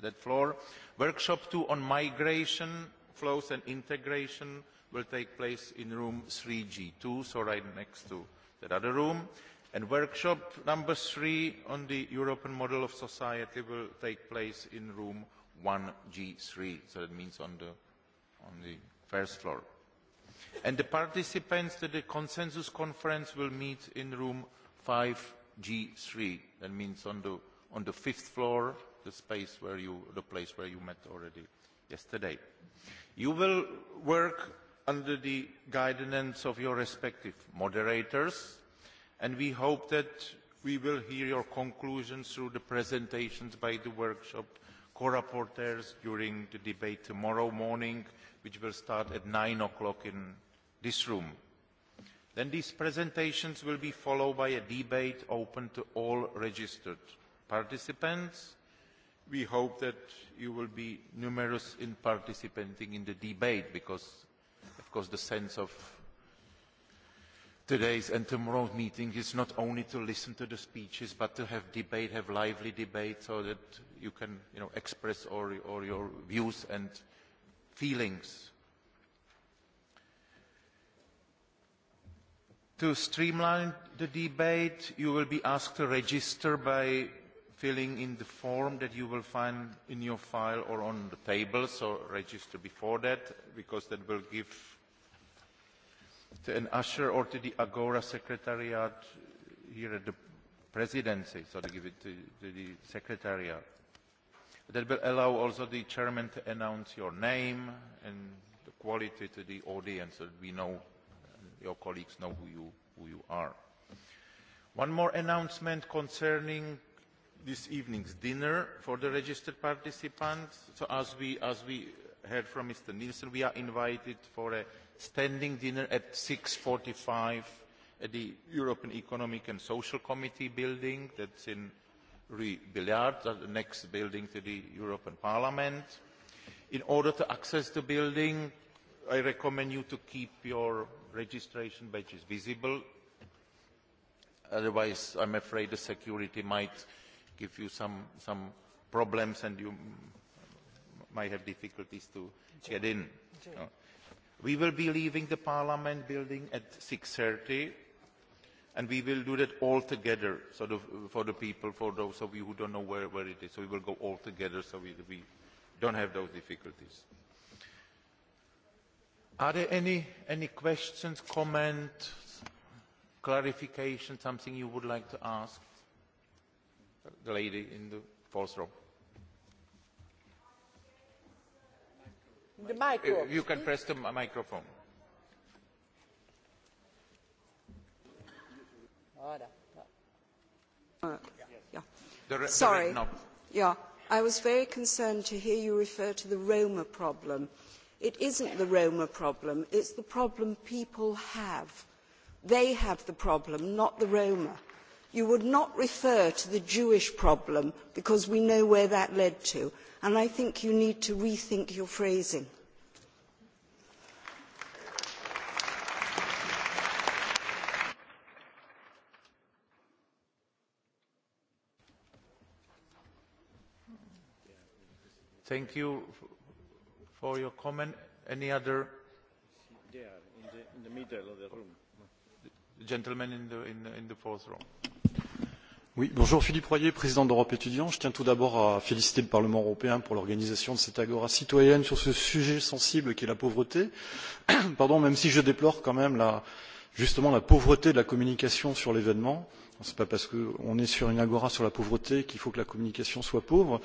Speaker 2: that floor. Workshop two on migration flows and integration will take place in room 3G2, so right next to that other room. And workshop number three on the European model of society will take place in room 1G3, so that means on the, on the first floor. And the participants to the consensus conference will meet in room 5G3, that means on the, on the fifth floor, the space where you, the place where you met already yesterday. You will work under the guidance of your respective moderators, and we hope that we will hear your conclusions through the presentations by the workshop co-rapporteurs during the debate tomorrow morning, which will start at nine o'clock in this room. Then these presentations will be followed by a debate open to all registered participants. We hope that you will be numerous in participating in the debate because, of course, the sense of today's and tomorrow's meeting is not only to listen to the speeches but to have debate, have lively debate so that you can you know, express all, all your views and feelings. To streamline the debate, you will be asked to register by filling in the form that you will find in your file or on the table, so register before that because that will give to an usher or to the Agora Secretariat here at the presidency, so to give it to, to the Secretariat. That will allow also the chairman to announce your name and the quality to the audience so that we know, your colleagues know who you, who you are. One more announcement concerning this evening's dinner for the registered participants. So as we, as we heard from Mr. Nielsen, we are invited for a standing dinner at 6.45 at the European Economic and Social Committee building that's in Rue Billard, the next building to the European Parliament. In order to access the building, I recommend you to keep your registration badges visible. Otherwise, I'm afraid the security might give you some, some problems and you might have difficulties to get in. No. We will be leaving the Parliament building at 6.30 and we will do that all together sort of, for the people, for those of you who don't know where, where it is. So we will go all together so we, we don't have those difficulties. Are there any, any questions, comments, clarification, something you would like to ask? The lady in the fourth row. The micro. You can press the microphone.
Speaker 6: Uh, yeah. the Sorry. The
Speaker 7: yeah. I was very concerned to hear you refer to the Roma problem. It isn't the Roma problem, it's the problem people have. They have the problem, not the Roma You would not refer to the Jewish problem because we know where that led to. And I think you need to rethink your phrasing.
Speaker 2: Thank you for your comment. Any other? There, in the, in the middle of the room. The gentleman in the, in the, in the fourth row.
Speaker 8: Oui, bonjour Philippe Royer, président d'Europe étudiant. Je tiens tout d'abord à féliciter le Parlement européen pour l'organisation de cette agora citoyenne sur ce sujet sensible qu'est la pauvreté. Pardon, même si je déplore quand même la, justement la pauvreté de la communication sur l'événement. Euh, Ce n'est pas parce qu'on est sur une agora sur la pauvreté qu'il faut que la communication soit pauvre.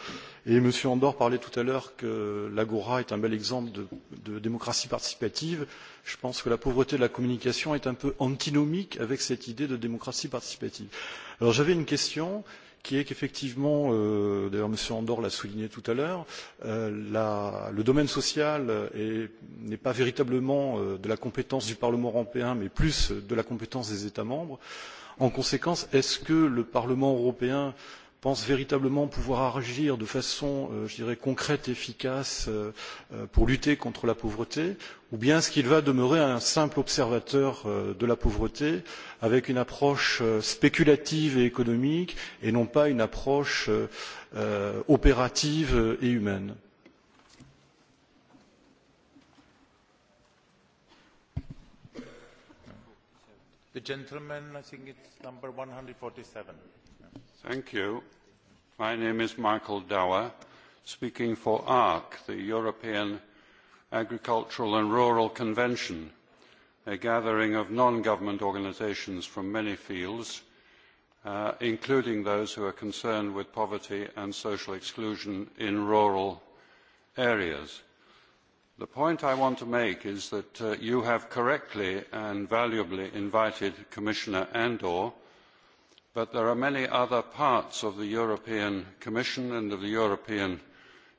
Speaker 8: Et M. Andor parlait tout à l'heure que l'agora est un bel exemple de, de démocratie participative. Je pense que la pauvreté de la communication est un peu antinomique avec cette idée de démocratie participative. Alors j'avais une question qui est qu'effectivement, euh, d'ailleurs M. Andor l'a souligné tout à l'heure, euh, le domaine social euh, n'est pas véritablement euh, de la compétence du Parlement européen, mais plus de la compétence des États membres. En conséquence, est-ce que le Parlement européen pense véritablement pouvoir agir de façon, euh, je dirais, concrète, efficace euh, euh, pour lutter contre la pauvreté Ou bien est-ce qu'il va demeurer un simple observateur de la pauvreté avec une approche spéculative et économique et non pas une approche opérative et humaine
Speaker 2: The gentleman, I think it's number 147.
Speaker 9: Thank you. My name is Michael Dower, speaking for ARC, the European Agricultural and Rural Convention, a gathering of non-government organisations from many fields, uh, including those who are concerned with poverty and social exclusion in rural areas. The point I want to make is that uh, you have correctly and valuably invited Commissioner Andor, but there are many other parts of the European Commission and of the European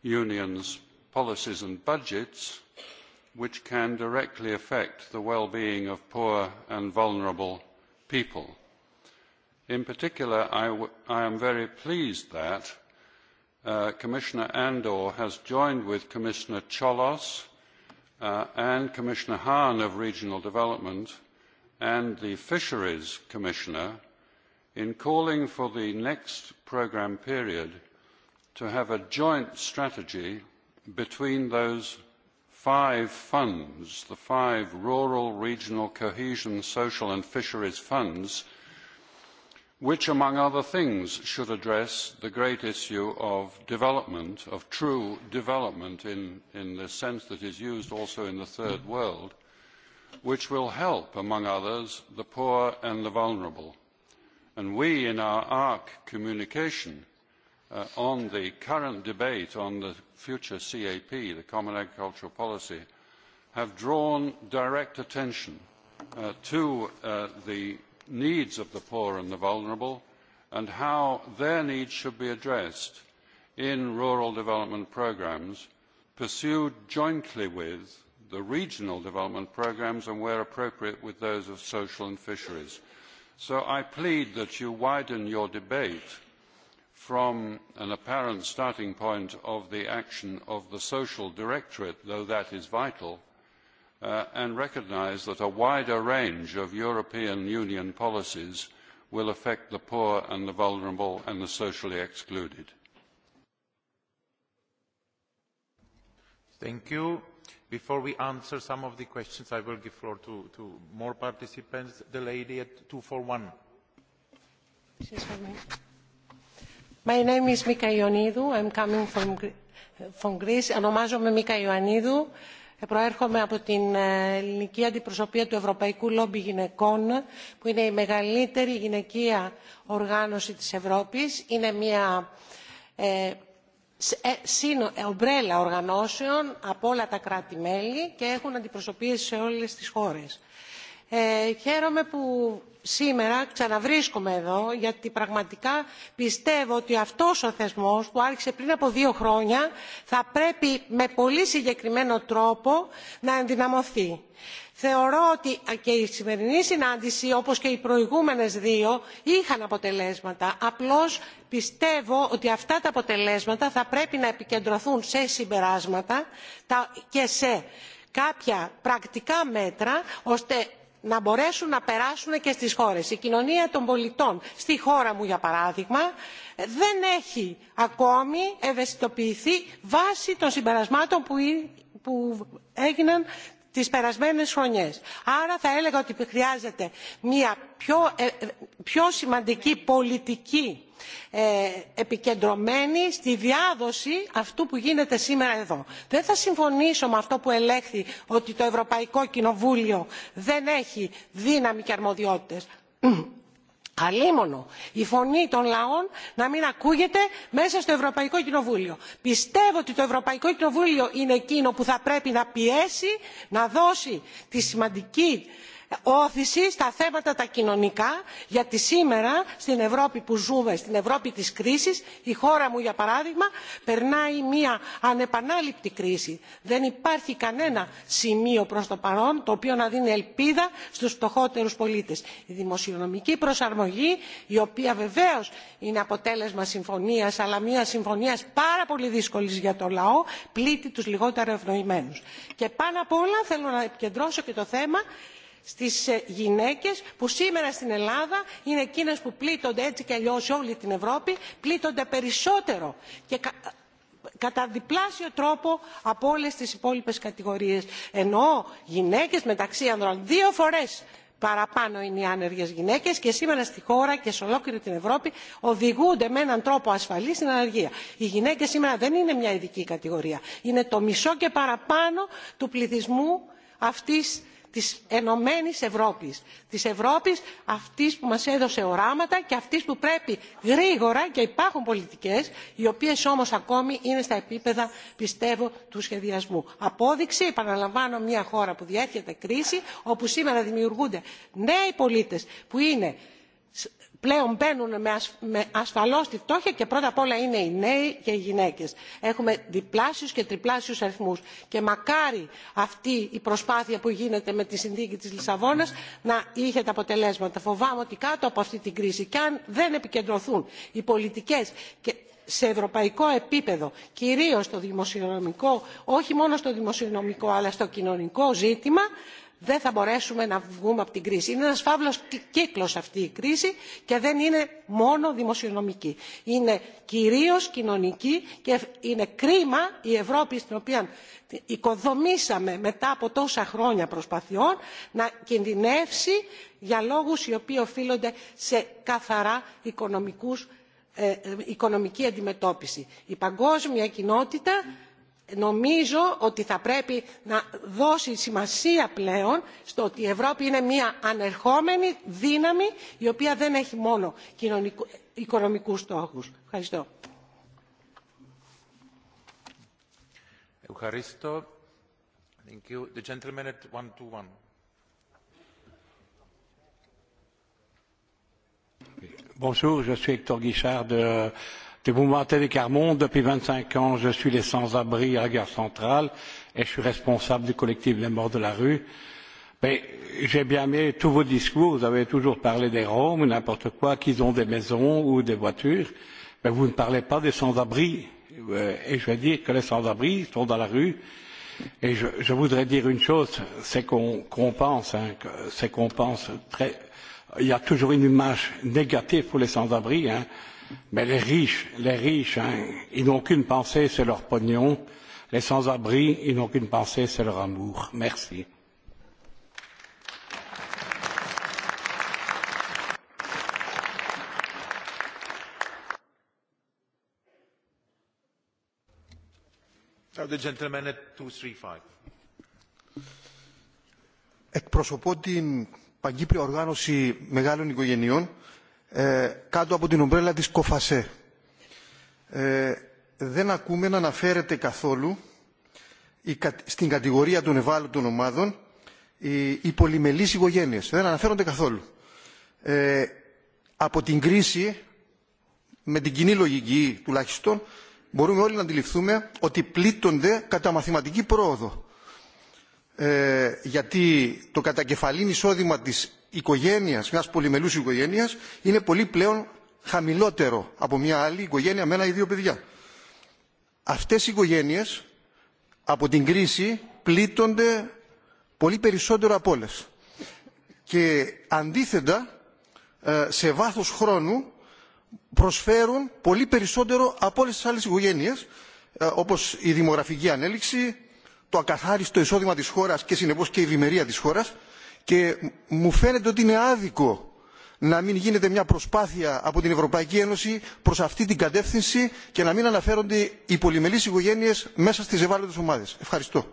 Speaker 9: Union's policies and budgets which can directly affect the well-being of poor and vulnerable people. In particular, I, w I am very pleased that uh, Commissioner Andor has joined with Commissioner Cholos uh, and Commissioner Hahn of Regional Development and the Fisheries Commissioner in calling for the next programme period to have a joint strategy between those five funds, the five rural, regional, cohesion, social and fisheries funds which, among other things, should address the great issue of development, of true development in, in the sense that is used also in the third world, which will help, among others, the poor and the vulnerable. And we, in our ARC communication uh, on the current debate on the future CAP, the Common Agricultural Policy, have drawn direct attention uh, to uh, the needs of the poor and the vulnerable and how their needs should be addressed in rural development programmes pursued jointly with the regional development programmes and where appropriate with those of social and fisheries. So I plead that you widen your debate from an apparent starting point of the action of the social directorate, though that is vital, uh, and recognise that a wider range of European Union policies will affect the poor and the vulnerable and the socially excluded. Thank you. Before we
Speaker 2: answer some of the questions, I will give floor to, to more participants. The lady at 241.
Speaker 10: My name is Mika Ioannidou. I'm coming from, from Greece. Ονομάζομαι Mika Ioannidou προέρχομαι από την ελληνική αντιπροσωπεία του Ευρωπαϊκού Λόμπι Γυναικών, που είναι η μεγαλύτερη γυναικεία οργάνωση της Ευρώπης. Είναι μια ε, ομπρέλα οργανώσεων από όλα τα κράτη-μέλη και έχουν αντιπροσωπείες σε όλες τις χώρες. Ε, χαίρομαι που σήμερα ξαναβρίσκομαι εδώ γιατί πραγματικά πιστεύω ότι αυτός ο θεσμός που άρχισε πριν από δύο χρόνια θα πρέπει με πολύ συγκεκριμένο τρόπο να ενδυναμωθεί. Θεωρώ ότι και η σημερινή συνάντηση, όπως και οι προηγούμενες δύο, είχαν αποτελέσματα. Απλώς πιστεύω ότι αυτά τα αποτελέσματα θα πρέπει να επικεντρωθούν σε συμπεράσματα και σε κάποια πρακτικά μέτρα ώστε να μπορέσουν να περάσουν και στις χώρες. Η κοινωνία των πολιτών στη χώρα μου για παράδειγμα δεν έχει ακόμη ευαισθητοποιηθεί βάσει των συμπερασμάτων που, που έγιναν τις περασμένες χρονιές. Άρα θα έλεγα ότι χρειάζεται μια πιο, πιο σημαντική πολιτική ε, επικεντρωμένη στη διάδοση αυτού που γίνεται σήμερα εδώ. Δεν θα συμφωνήσω με αυτό που ελέγχθη ότι το Ευρωπαϊκό Κοινοβούλιο δεν έχει δύναμη και αρμοδιότητες. Αλίμονο η φωνή των λαών να μην ακούγεται μέσα στο Ευρωπαϊκό Κοινοβούλιο. Πιστεύω ότι το Ευρωπαϊκό Κοινοβούλιο είναι εκείνο που θα πρέπει να πιέσει, να δώσει τη σημαντική όθηση στα θέματα τα κοινωνικά γιατί σήμερα στην Ευρώπη που ζούμε, στην Ευρώπη της κρίσης, η χώρα μου για παράδειγμα περνάει μια ανεπανάληπτη κρίση. Δεν υπάρχει κανένα σημείο προς το παρόν το οποίο να δίνει ελπίδα στους φτωχότερους πολίτες. Η δημοσιονομική προσαρμογή η οποία βεβαίως είναι αποτέλεσμα συμφωνίας αλλά μια συμφωνίας πάρα πολύ δύσκολης για το λαό πλήττει τους λιγότερο ευνοημένους. Και πάνω απ' όλα θέλω να επικεντρώσω και το θέμα στις γυναίκες που σήμερα στην Ελλάδα είναι εκείνες που πλήττονται έτσι και αλλιώς σε όλη την Ευρώπη, πλήττονται περισσότερο και κατά διπλάσιο τρόπο από όλες τις υπόλοιπες κατηγορίες. Ενώ γυναίκες μεταξύ ανδρών δύο φορές παραπάνω είναι οι άνεργες γυναίκες και σήμερα στη χώρα και σε ολόκληρη την Ευρώπη οδηγούνται με έναν τρόπο ασφαλή στην ανεργία. Οι γυναίκες σήμερα δεν είναι μια ειδική κατηγορία. Είναι το μισό και παραπάνω του πληθυσμού αυτής της Ενωμένης Ευρώπης, της Ευρώπης αυτής που μας έδωσε οράματα και αυτής που πρέπει γρήγορα και υπάρχουν πολιτικές, οι οποίες όμως ακόμη είναι στα επίπεδα, πιστεύω, του σχεδιασμού. Απόδειξη, επαναλαμβάνω, μια χώρα που διέρχεται κρίση, όπου σήμερα δημιουργούνται νέοι πολίτες που είναι πλέον μπαίνουν με, ασφ... με φτώχεια και πρώτα απ' όλα είναι οι νέοι και οι γυναίκε. Έχουμε διπλάσιου και τριπλάσιου αριθμού και μακάρι αυτή η προσπάθεια που γίνεται με τη συνθήκη τη Λισαβόνα να είχε τα αποτελέσματα. Φοβάμαι ότι κάτω από αυτή την κρίση και αν δεν επικεντρωθούν οι πολιτικέ και σε ευρωπαϊκό επίπεδο, κυρίως στο δημοσιονομικό, όχι μόνο στο δημοσιονομικό αλλά στο κοινωνικό ζήτημα, δεν θα μπορέσουμε να βγούμε από την κρίση. Είναι ένας φαύλος κύκλος αυτή η κρίση και δεν είναι μόνο δημοσιονομική. Είναι κυρίως κοινωνική και είναι κρίμα η Ευρώπη στην οποία οικοδομήσαμε μετά από τόσα χρόνια προσπαθειών να κινδυνεύσει για λόγους οι οποίοι οφείλονται σε καθαρά οικονομικούς, ε, οικονομική αντιμετώπιση. Η παγκόσμια κοινότητα νομίζω ότι θα πρέπει να δώσει σημασία πλέον στο ότι η Ευρώπη είναι μια ανερχόμενη δύναμη η οποία δεν έχει μόνο οικονομικούς στόχους. Ευχαριστώ.
Speaker 2: Ευχαριστώ. Thank you. The gentleman at 121.
Speaker 11: Bonjour, je suis Hector Guichard de vous Boumaté de Carmon. Depuis 25 ans, je suis les sans-abri à la gare centrale et je suis responsable du collectif Les Morts de la rue. Mais j'ai bien aimé tous vos discours. Vous avez toujours parlé des Roms, ou n'importe quoi, qu'ils ont des maisons ou des voitures. Mais vous ne parlez pas des sans-abri. Euh, et je vais dire que les sans-abri sont dans la rue. Et je, je voudrais dire une chose, c'est qu'on qu pense, hein, c'est qu'on pense très, il y a toujours une image négative pour les sans-abri, hein, mais les riches, les riches, hein, ils n'ont qu'une pensée, c'est leur pognon. Les sans-abri, ils n'ont qu'une pensée, c'est leur amour. Merci.
Speaker 12: Εκπροσωπώ την παγκύπρια οργάνωση μεγάλων οικογενειών ε, κάτω από την ομπρέλα της ΚΟΦΑΣΕ. Ε, δεν ακούμε να αναφέρεται καθόλου η, στην κατηγορία των ευάλωτων ομάδων οι, οι πολυμελείς οικογένειες. Δεν αναφέρονται καθόλου. Ε, από την κρίση, με την κοινή λογική τουλάχιστον, μπορούμε όλοι να αντιληφθούμε ότι πλήττονται κατά μαθηματική πρόοδο ε, γιατί το κατακεφαλήν εισόδημα της οικογένειας, μιας πολυμελούς οικογένειας, είναι πολύ πλέον χαμηλότερο από μια άλλη οικογένεια με ένα ή δύο παιδιά. Αυτές οι οικογένειες από την κρίση πλήττονται πολύ περισσότερο από όλες. Και αντίθετα, σε βάθος χρόνου προσφέρουν πολύ περισσότερο από όλες τις άλλες οικογένειες, όπως η δημογραφική ανέλυξη, το ακαθάριστο εισόδημα της χώρας και συνεπώς και η ευημερία της χώρας και μου φαίνεται ότι είναι άδικο να μην γίνεται μια προσπάθεια από την Ευρωπαϊκή Ένωση προς αυτή την κατεύθυνση και να μην αναφέρονται οι πολυμελείς οικογένειες μέσα στις ευάλωτες ομάδες. Ευχαριστώ.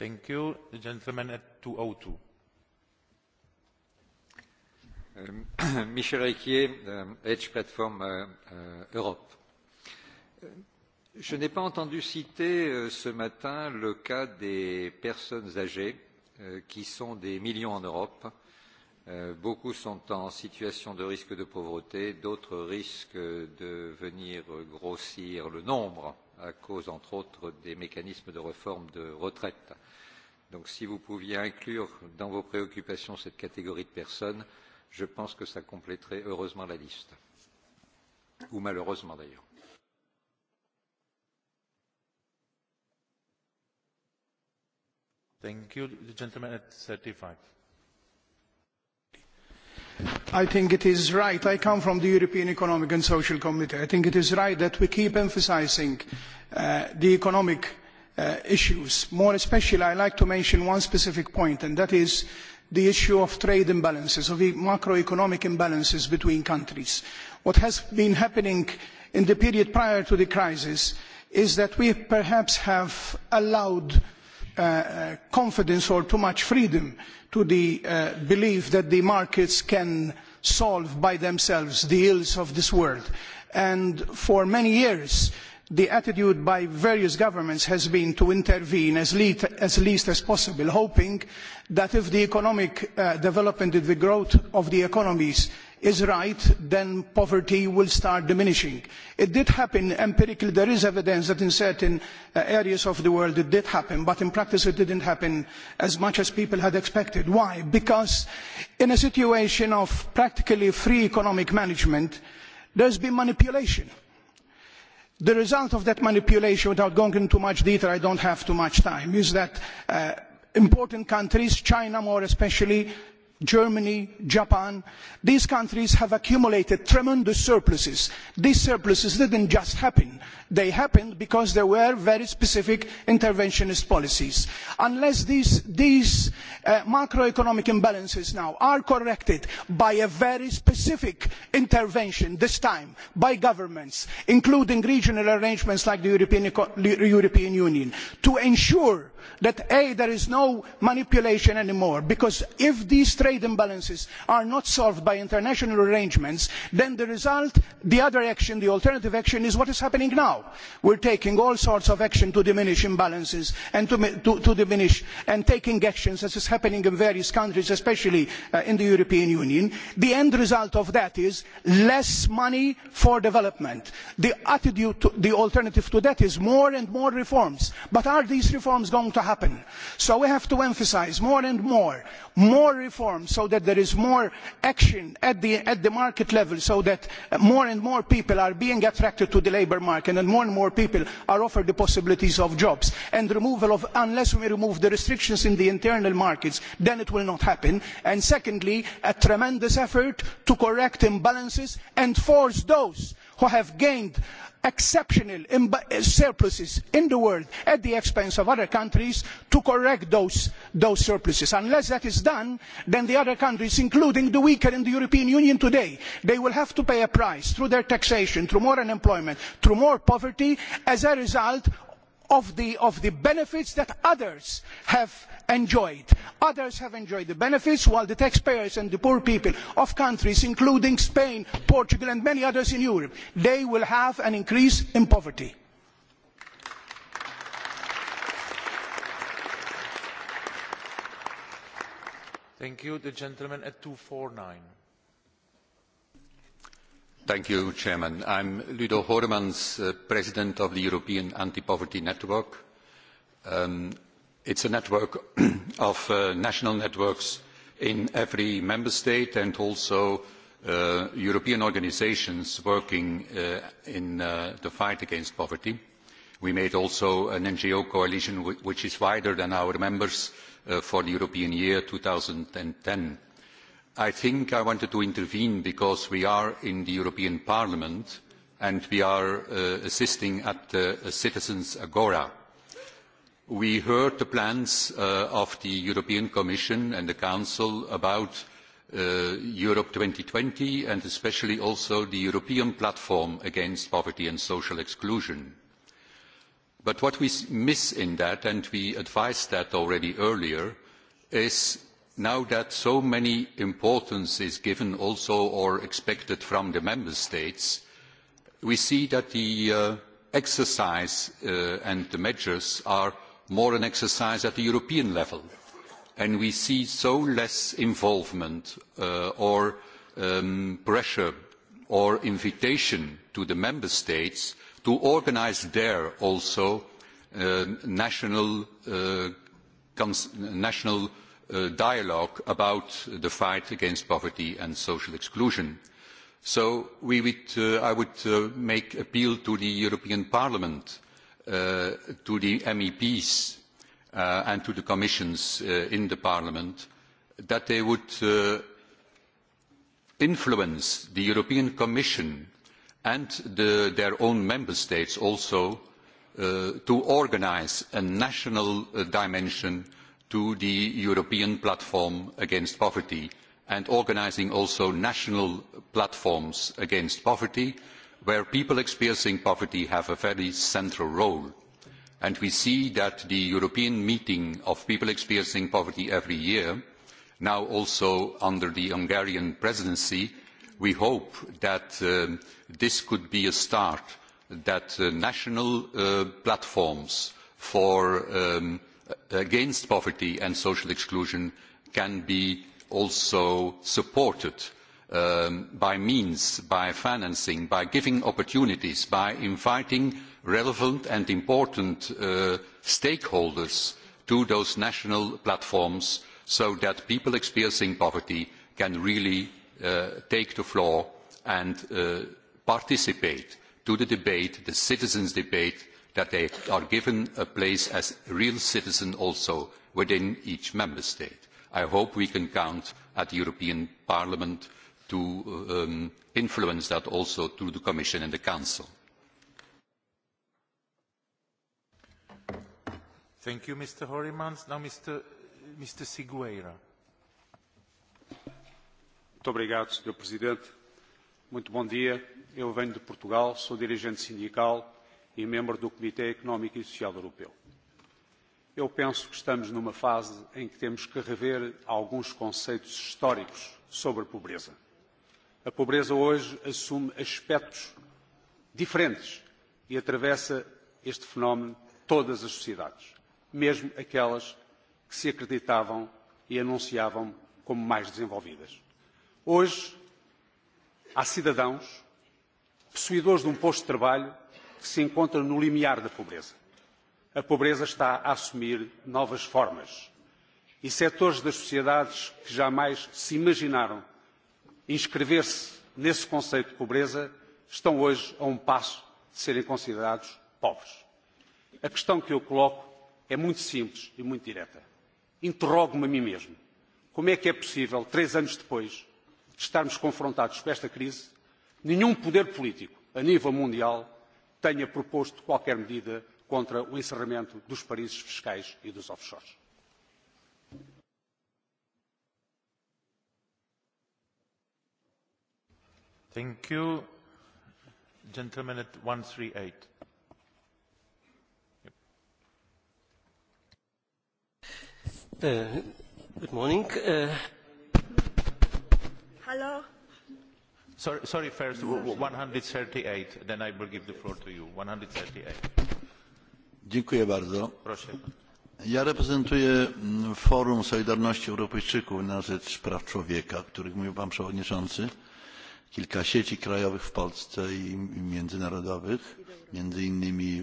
Speaker 2: Thank you. The gentleman at 202.
Speaker 13: Michel Riquier, euh, Edge Platform euh, euh, Europe. Je n'ai pas entendu citer ce matin le cas des personnes âgées, qui sont des millions en Europe. Beaucoup sont en situation de risque de pauvreté, d'autres risquent de venir grossir le nombre à cause, entre autres, des mécanismes de réforme de retraite. Donc si vous pouviez inclure dans vos préoccupations cette catégorie de personnes, euh, Je pense que ça compléterait heureusement la liste,
Speaker 2: ou malheureusement d'ailleurs. Thank you. The gentleman at 35.
Speaker 14: I think it is right. I come from the European Economic and Social Committee. I think it is right that we keep emphasizing uh, the economic uh, issues. More especially, I like to mention one specific point, and that is the issue of trade imbalances, of e-, macroeconomic imbalances between countries. What has been happening in the period prior to the crisis is that we perhaps have allowed uh, uh, confidence or too much freedom to the uh, belief that the markets can solve by themselves the ills of this world. And for many years, uh, the attitude by various governments has been to intervene as, least as, least as possible, hoping that if the economic uh, development and the growth of the economies is right, then poverty will start diminishing. It did happen empirically. There is evidence that in certain uh, areas of the world it did happen, but in practice it did not happen as much as people had expected. Why? Because in a situation of practically free economic management, there has been manipulation The result of that manipulation, without going into much detail, I don't have too much time, is that uh, important countries, China more especially, Germany, Japan, these countries have accumulated tremendous surpluses. These surpluses did not just happen. They happened because there were very specific interventionist policies. Unless these, these uh, macroeconomic imbalances now are corrected by a very specific intervention, this time by governments, including regional arrangements like the European, European Union, to ensure that A, there is no manipulation anymore, because if these trade imbalances are not solved by international arrangements, then the result, the other action, the alternative action, is what is happening now. We are taking all sorts of action to diminish imbalances and to, to, to diminish and taking actions as is happening in various countries, especially uh, in the European Union. The end result of that is less money for development. The attitude, to, the alternative to that is more and more reforms. But are these reforms going to happen? So we have to emphasise more and more, more reforms reform so that there is more action at the, at the market level so that more and more people are being attracted to the labour market and more and more people are offered the possibilities of jobs and removal of unless we remove the restrictions in the internal markets then it will not happen and secondly a tremendous effort to correct imbalances and force those who have gained exceptional surpluses in the world at the expense of other countries to correct those, those, surpluses. Unless that is done, then the other countries, including the weaker in the European Union today, will have to pay a price through their taxation, through more unemployment, through more poverty as a result of the, of the benefits that others have enjoyed. Others have enjoyed the benefits, while the taxpayers and the poor people of countries, including Spain, Portugal and many others in Europe, they will have an increase in poverty.
Speaker 2: Thank you. The gentleman at 249.
Speaker 13: Thank you, Chairman. I'm Ludo Hormans, uh, President of the European Anti-Poverty Network. Um, It is a network of uh, national networks in every member state and also uh, European organisations working uh, in uh, the fight against poverty. We made also an NGO coalition which is wider than our members uh, for the European year ten. I think I wanted to intervene because we are in the European Parliament and we are uh, assisting at the Citizens Agora we heard the plans uh, of the European Commission and the Council about uh, Europe twenty and especially also the European platform against poverty and social exclusion. But what we miss in that, and we advised that already earlier, is now that so many importance is given also or expected from the member states, we see that the uh, exercise uh, and the measures are more an exercise at the European level. And we see so less involvement uh, or um, pressure or invitation to the member states to organise there also uh, national, uh, national uh, dialogue about the fight against poverty and social exclusion. So would, uh, I would uh, make an appeal to the European Parliament uh, to the MEPs uh, and to the commissions uh, in the parliament that they would uh, influence the European Commission and the, their own member states also uh, to organise a national uh, dimension to the European platform against poverty and organising also national platforms against poverty uh, where people experiencing poverty have a very central role. And we see that the European meeting of people experiencing poverty every year, now also under the Hungarian presidency, we hope that uh, this could be a start, that uh, national uh, platforms for, um, against poverty and social exclusion can be also supported um, by means, by financing, by giving opportunities, by inviting relevant and important uh, stakeholders to those national platforms so that people experiencing poverty can really uh, take the floor and uh, participate to the debate, the citizens' debate, that they are given a place as real citizens also within each member state. I hope we can count on the European Parliament to um, influence that also through the Commission and the Council.
Speaker 2: Thank you, Mr. Horimans. Now, Mr. Mr. Sigueira.
Speaker 15: Muito obrigado, Sr. Presidente. Muito bom dia. Eu venho de Portugal, sou dirigente sindical e membro do Comitê Económico e Social Europeu. Eu penso que estamos numa fase em que temos que rever alguns conceitos históricos sobre a pobreza A pobreza hoje assume aspectos diferentes e atravessa este fenómeno todas as sociedades, mesmo aquelas que se acreditavam e anunciavam como mais desenvolvidas. Hoje, há cidadãos, possuidores de um posto de trabalho, que se encontram no limiar da pobreza. A pobreza está a assumir novas formas e setores das sociedades que jamais se imaginaram inscrever-se nesse conceito de pobreza estão hoje a um passo de serem considerados pobres. A questão que eu coloco é muito simples e muito direta. Interrogo-me a mim mesmo. Como é que é possível, três anos depois de estarmos confrontados com esta crise, nenhum poder político a nível mundial tenha proposto qualquer medida contra o encerramento dos paraísos fiscais e dos offshores?
Speaker 2: Thank you. Gentleman at 138. Yep. Uh, good morning. Uh, Hello. Sorry, sorry first, 138, then I will give the floor to you. 138.
Speaker 16: Dziękuję bardzo. Proszę. Ja reprezentuję mm, Forum Solidarności Europejczyków na rzecz Praw Człowieka, których mówił Pan Przewodniczący kilka sieci krajowych w Polsce i międzynarodowych, między innymi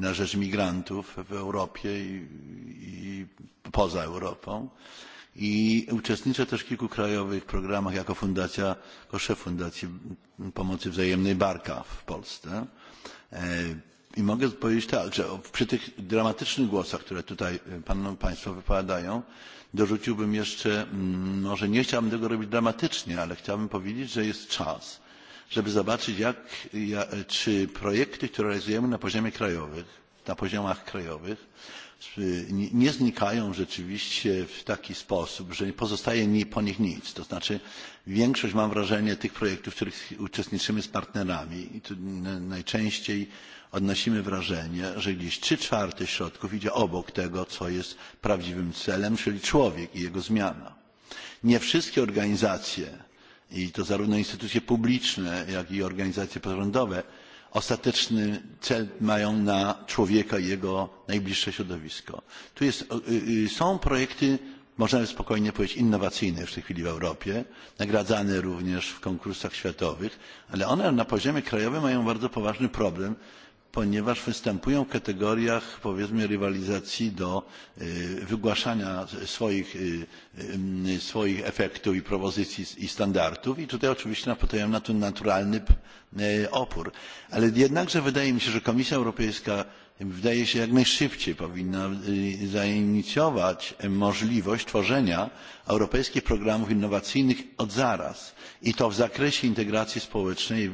Speaker 16: na rzecz migrantów w Europie i, i poza Europą. I uczestniczę też w kilku krajowych programach jako fundacja, jako szef Fundacji Pomocy Wzajemnej Barka w Polsce e, I mogę powiedzieć tak, że przy tych dramatycznych głosach, które tutaj e, panom Państwo wypowiadają, dorzuciłbym jeszcze, mm, może nie chciałbym tego robić dramatycznie, ale chciałbym powiedzieć, że jest czas, żeby zobaczyć, jak, jak, e, czy projekty, które realizujemy na poziomie krajowych, na poziomach krajowych, e, nie znikają rzeczywiście w taki sposób, że nie pozostaje po nich nic. To znaczy większość, mam wrażenie, tych projektów, w których uczestniczymy z partnerami, i tu najczęściej odnosimy wrażenie, że gdzieś trzy czwarte środków idzie obok tego, co jest prawdziwym celem, czyli człowiek i jego zmiana. Nie wszystkie organizacje, i to zarówno instytucje publiczne, jak i organizacje pozarządowe, ostateczny cel mają na człowieka i jego najbliższe środowisko. Tu jest, są projekty, można spokojnie powiedzieć, innowacyjne w tej chwili w Europie, nagradzane również w konkursach światowych, ale one na poziomie krajowym mają bardzo poważny problem ponieważ występują w kategoriach powiedzmy rywalizacji do e, wygłaszania swoich, e, e, swoich efektów i propozycji i standardów i tutaj oczywiście napotają na ten naturalny opór. Ale jednakże wydaje mi się, że Komisja Europejska wydaje się jak najszybciej powinna zainicjować możliwość tworzenia europejskich programów innowacyjnych od zaraz i to w zakresie integracji społecznej i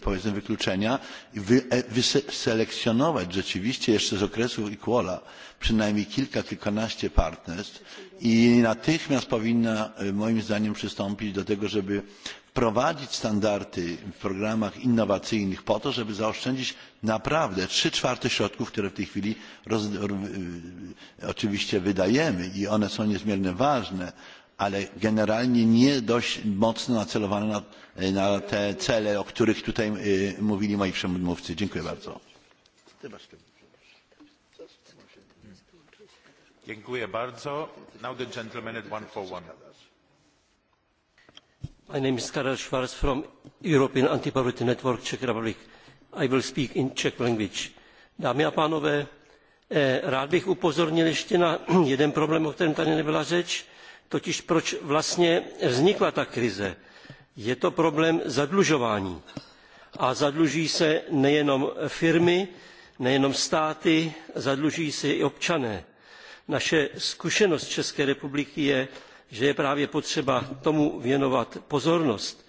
Speaker 16: powiedzmy wykluczenia i e, wyselekcjonować rzeczywiście jeszcze z okresu Equala przynajmniej kilka, kilkanaście partnerstw i natychmiast powinna moim zdaniem przystąpić do tego, żeby wprowadzić standardy w programach innowacyjnych po to, żeby zaoszczędzić naprawdę trzy czwarte środków, które w tej chwili roz, oczywiście wydajemy i one są niezmiernie ważne, ale generalnie nie dość mocno nacelowane na, na te cele, o których tutaj y, mówili moi przemówcy. Dziękuję bardzo.
Speaker 2: Dziękuję bardzo. Now the gentleman at
Speaker 17: My name is Karel Schwarz from European Anti-Poverty Network, Czech Republic. I will speak in Czech language. Dámy a pánové, eh, rád bych upozornil ještě na jeden problém, o kterém tady nebyla řeč, totiž proč vlastně vznikla ta krize. Je to problém zadlužování. A zadlužují se nejenom firmy, nejenom státy, zadlužují se i občané. Naše zkušenost České republiky je, že je právě potřeba tomu věnovat pozornost.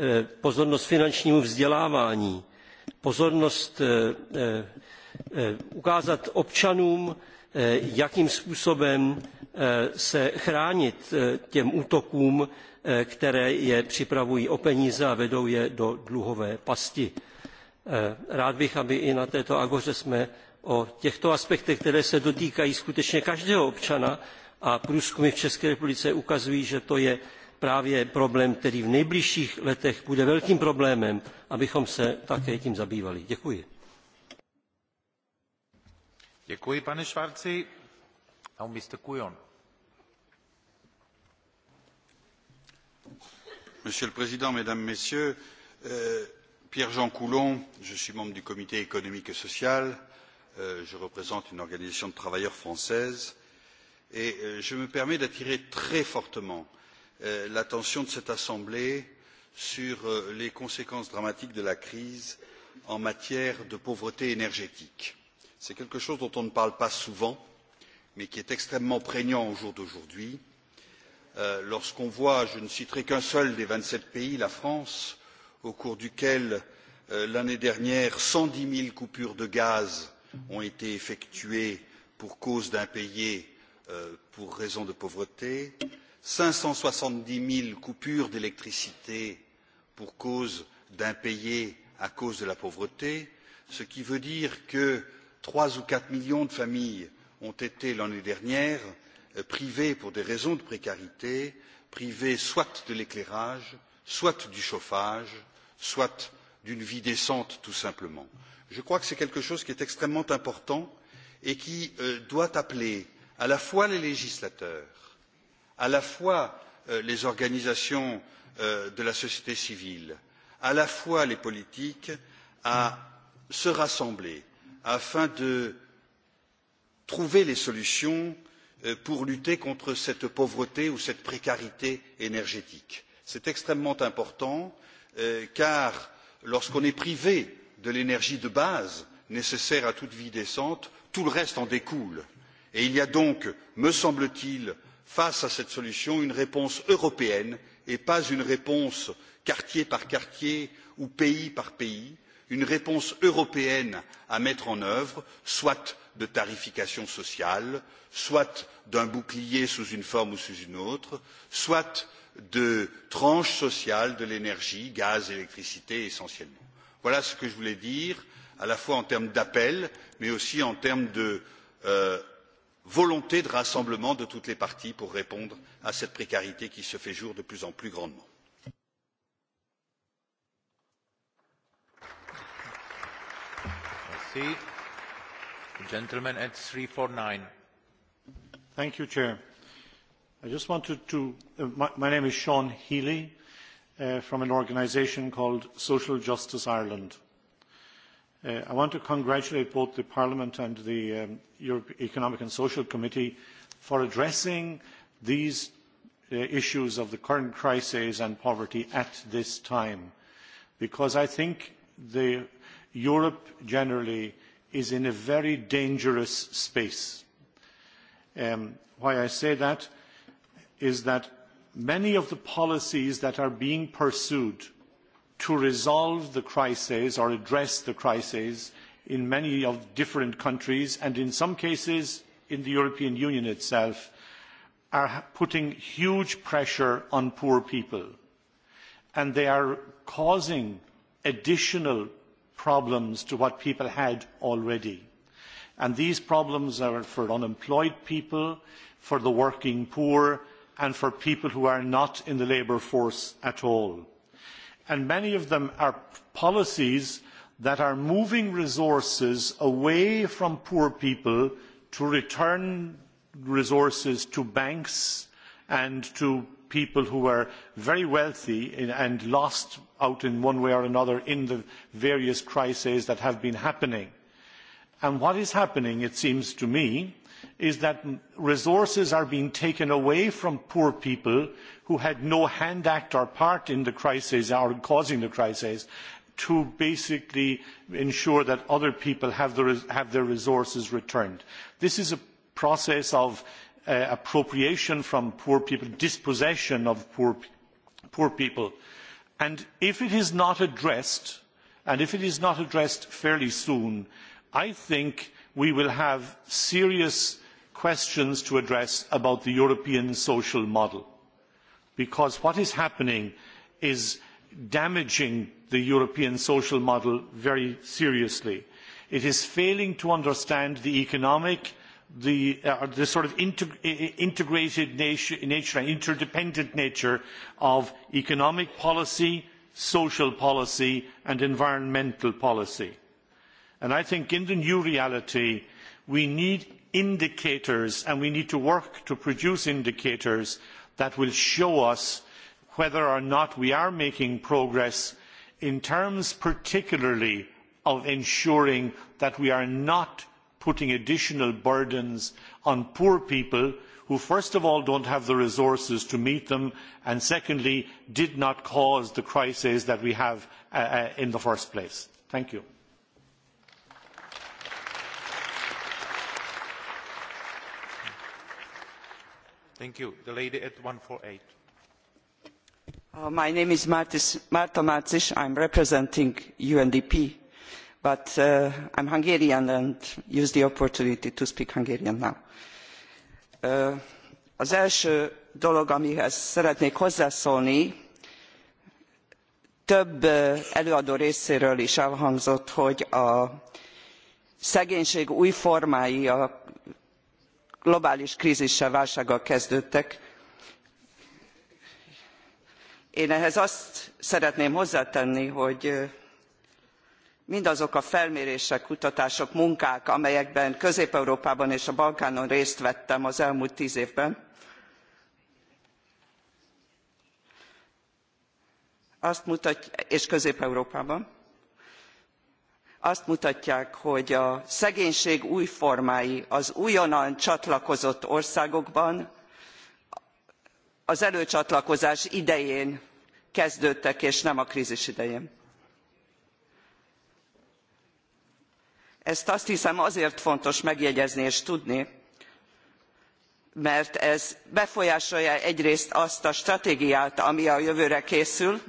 Speaker 17: Eh, pozornost finančnímu vzdělávání, pozornost eh, eh, ukázat občanům, jakým způsobem se chránit těm útokům, které je připravují o peníze a vedou je do dluhové pasti. Rád bych, aby i na této agoře jsme o těchto aspektech, které se dotýkají skutečně každého občana, a průzkumy v České republice ukazují, že to je právě problém, který v nejbližších letech bude velkým problémem, abychom se také
Speaker 2: tím zabývali. Děkuji. Děkuji, pane Švarci. A Mr. Kujon.
Speaker 18: Monsieur le Président, Mesdames, Messieurs, euh, Pierre-Jean Coulon, je suis membre du Comité économique et social. Euh, je représente une organisation de travailleurs française Et euh, je me permets d'attirer très fortement euh, l'attention de cette Assemblée sur euh, les conséquences dramatiques de la crise en matière de pauvreté énergétique. C'est quelque chose dont on ne parle pas souvent, mais qui est extrêmement prégnant au jour d'aujourd'hui. Lorsqu'on voit, je ne citerai qu'un seul des vingt sept pays, la France, au cours duquel l'année dernière cent dix 000 coupures de gaz ont été effectuées pour cause d'impayés Euh, pour raison de pauvreté, cinq cent soixante dix 000 coupures d'électricité pour cause d'impayés à cause de la pauvreté, ce qui veut dire que trois ou quatre millions de familles ont été l'année dernière euh, privées pour des raisons de précarité, privées soit de l'éclairage, soit du chauffage, soit d'une vie décente tout simplement. Je crois que c'est quelque chose qui est extrêmement important et qui euh, doit appeler à la fois les législateurs, à la fois euh, les organisations euh, de la société civile, à la fois les politiques, à se rassembler afin de trouver les solutions euh, pour lutter contre cette pauvreté ou cette précarité énergétique. C'est extrêmement important euh, car lorsqu'on est privé de l'énergie de base nécessaire à toute vie décente, tout le reste en découle Et il y a donc, me semble-t-il, face à cette solution, une réponse européenne et pas une réponse quartier par quartier ou pays par pays, une réponse européenne à mettre en œuvre, soit de tarification sociale, soit d'un bouclier sous une forme ou sous une autre, soit de tranches sociales de l'énergie, gaz, électricité essentiellement. Voilà ce que je voulais dire, à la fois en termes d'appel, mais aussi en termes de euh, volonté de rassemblement de toutes les parties pour répondre à cette précarité qui se fait jour de plus
Speaker 2: en plus grandement.
Speaker 11: Thank you, Chair. I just wanted to, uh, my, my name is Sean Healy uh, from an organisation called Social Justice Ireland. Uh, I want to congratulate both the Parliament and the um, Europe Economic and Social Committee for addressing these uh, issues of the current crisis and poverty at this time, because I think the, Europe generally is in a very dangerous space. Um, why I say that is that many of the policies that are being pursued to resolve the crisis or address the crises in many of different countries and in some cases in the European Union itself are putting huge pressure on poor people and they are causing additional problems to what people had already. And these problems are for unemployed people, for the working poor and for people who are not in the labour force at all and many of them are policies that are moving resources away from poor people to return resources to banks and to people who are very wealthy and lost out in one way or another in the various crises that have been happening. And what is happening, it seems to me, is that resources are being taken away from poor people who had no hand act or part in the crisis or causing the crisis to basically ensure that other people have, the, have their resources returned. This is a process of uh, appropriation from poor people, dispossession of poor, poor people. And if it is not addressed, and if it is not addressed fairly soon, I think we will have serious questions to address about the European social model. Because what is happening is damaging the European social model very seriously. It is failing to understand the economic, the, uh, the sort of integ integrated nature, nature and interdependent nature of economic policy, social policy and environmental policy And I think in the new reality, we need indicators and we need to work to produce indicators that will show us whether or not we are making progress in terms particularly of ensuring that we are not putting additional burdens on poor people who first of all do not have the resources to meet them and secondly did not cause the crisis that we have uh, uh in the first place. Thank you.
Speaker 2: Thank you. The lady at 148.
Speaker 7: Uh, my name is Martis, Marta Marcic. I'm representing UNDP, but uh, I'm Hungarian and use the opportunity to speak Hungarian now. Uh, az első dolog, amihez szeretnék hozzászólni, több uh, előadó részéről is elhangzott, hogy a szegénység új formái, a globális krízissel, válsággal kezdődtek. Én ehhez azt szeretném hozzátenni, hogy mindazok a felmérések, kutatások, munkák, amelyekben Közép-Európában és a Balkánon részt vettem az elmúlt tíz évben, azt mutatja, és Közép-Európában, azt mutatják, hogy a szegénység új formái az újonnan csatlakozott országokban az előcsatlakozás idején kezdődtek, és nem a krízis idején. Ezt azt hiszem azért fontos megjegyezni és tudni, mert ez befolyásolja egyrészt azt a stratégiát, ami a jövőre készül,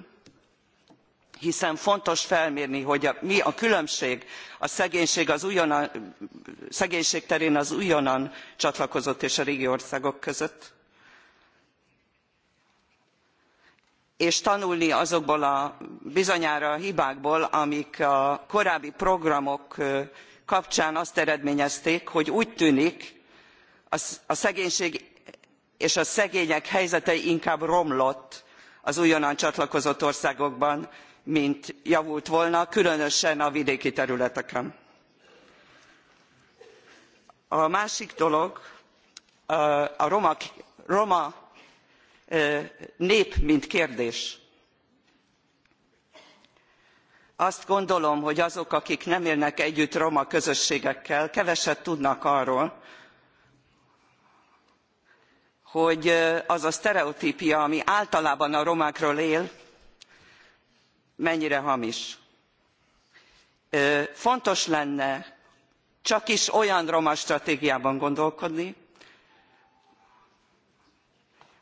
Speaker 7: hiszen fontos felmérni, hogy a, mi a különbség a szegénység, az szegénység terén az újonnan csatlakozott és a régi országok között. és tanulni azokból a bizonyára a hibákból, amik a korábbi programok kapcsán azt eredményezték, hogy úgy tűnik, a szegénység és a szegények helyzete inkább romlott az újonnan csatlakozott országokban, mint javult volna, különösen a vidéki területeken. A másik dolog a roma, roma nép, mint kérdés. Azt gondolom, hogy azok, akik nem élnek együtt roma közösségekkel, keveset tudnak arról, hogy az a sztereotípia, ami általában a romákról él, mennyire hamis. Fontos lenne csak is olyan roma stratégiában gondolkodni,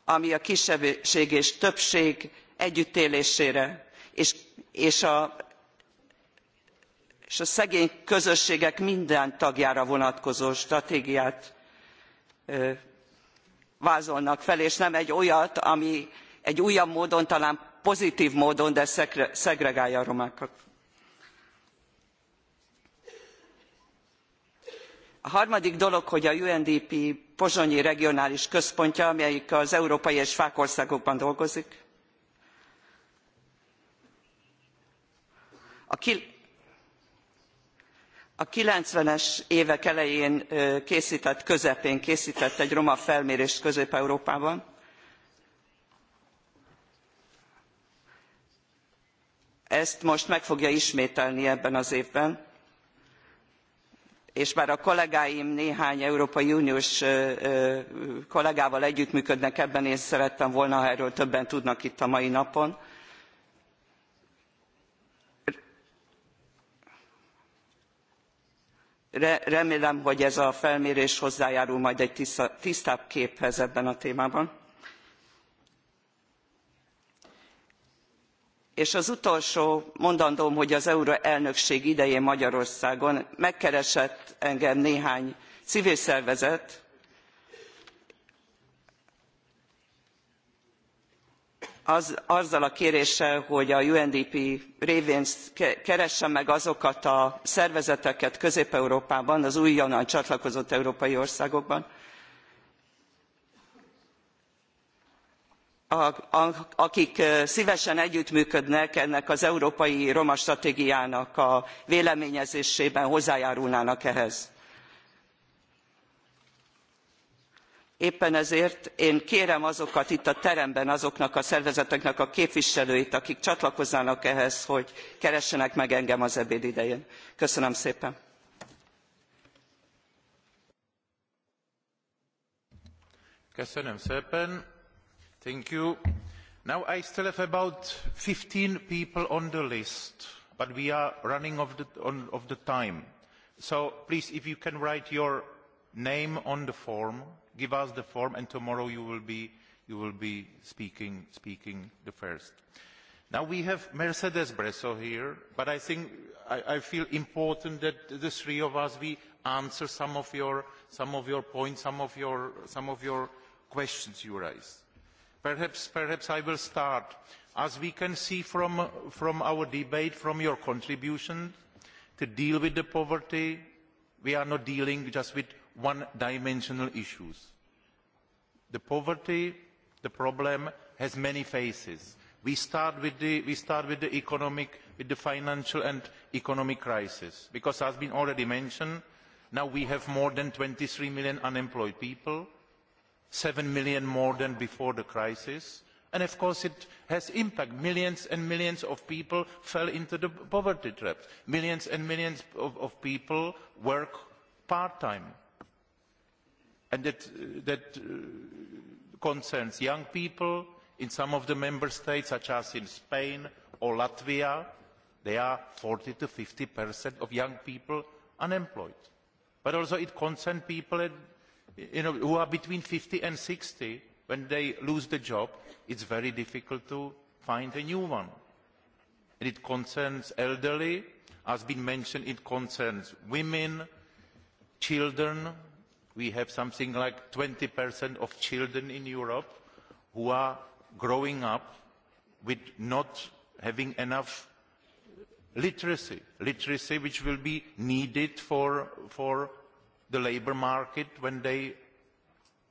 Speaker 7: ami a kisebbség és többség együttélésére és, és, a, és a szegény közösségek minden tagjára vonatkozó stratégiát ö, vázolnak fel, és nem egy olyat, ami egy újabb módon talán pozitív módon, de szegregálja a romákat. A harmadik dolog, hogy a UNDP pozsonyi regionális központja, amelyik az európai és fák országokban dolgozik. A, ki, a 90-es évek elején készített, közepén készített egy roma felmérést Közép-Európában, Ezt most meg fogja ismételni ebben az évben, és már a kollégáim néhány Európai Uniós kollégával együttműködnek ebben, és szerettem volna, ha erről többen tudnak itt a mai napon. remélem hogy ez a felmérés hozzájárul majd egy tisztább képhez ebben a témában. És az utolsó mondandóm, hogy az Euró elnökség idején Magyarországon megkeresett engem néhány civil szervezet, az, azzal a kéréssel, hogy a UNDP révén keresse meg azokat a szervezeteket Közép-Európában, az újonnan csatlakozott európai országokban, akik szívesen együttműködnek ennek az európai roma stratégiának a véleményezésében hozzájárulnának ehhez. Éppen ezért én kérem azokat itt a teremben, azoknak a szervezeteknek a képviselőit, akik csatlakoznának ehhez, hogy keressenek meg engem az ebéd idején. Köszönöm szépen!
Speaker 2: Köszönöm szépen! Thank you. Now I still have about 15 people on the list, but we are running of the, on, of the time. So please, if you can write your name on the form, give us the form, and tomorrow you will be, you will be speaking, speaking the first. Now we have Mercedes Bresso here, but I think I, I feel important that the three of us, we answer some of your, some of your points, some of your, some of your questions you raised. Perhaps, perhaps I will start. As we can see from, from our debate, from your contribution, to deal with the poverty, we are not dealing just with one-dimensional issues. The poverty, the problem, has many faces. We start with the, we start with the economic, with the financial and economic crisis, because as has been already mentioned, now we have more than twenty three million unemployed people, seven million more than before the crisis. And of course it has impact. Millions and millions of people fell into the poverty trap. Millions and millions of, of people work part-time. And that, that uh, concerns young people in some of the member states, such as in Spain or Latvia, there are forty to 50% of young people unemployed. But also it concerns people at you know, who are between 50 and 60, when they lose the job, it's very difficult to find a new one. And it concerns elderly, as been mentioned, it concerns women, children. We have something like 20% of children in Europe who are growing up with not having enough literacy, literacy which will be needed for, for the labour market when they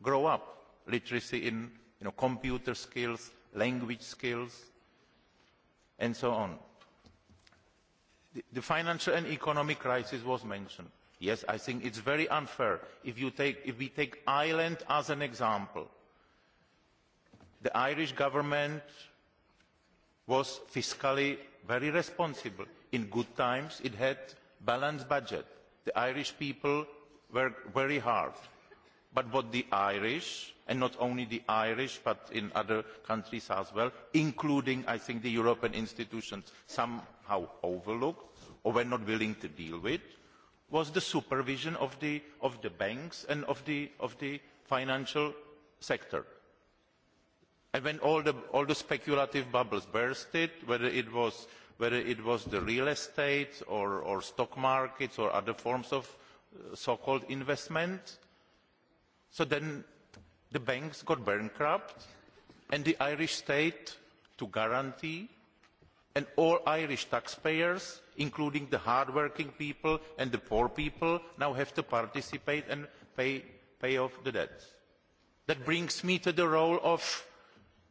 Speaker 2: grow up. Literacy in you know, computer skills, language skills, and so on. The, the financial and economic crisis was mentioned. Yes, I think it's very unfair if, you take, if we take Ireland as an example. The Irish government was fiscally very responsible. In good times, it had balanced budget. The Irish people work very hard. But what the Irish, and not only the Irish, but in other countries as well, including, I think, the European institutions somehow overlooked or were not willing to deal with, was the supervision of the, of the banks and of the, of the financial sector. And when all the, all the speculative bubbles bursted, whether it was, whether it was the real estate or, or stock markets or other forms of, so-called investment. So then the banks got bankrupt and the Irish state to guarantee and all Irish taxpayers, including the hard-working people and the poor people, now have to participate and pay, pay off the debt. That brings me to the role of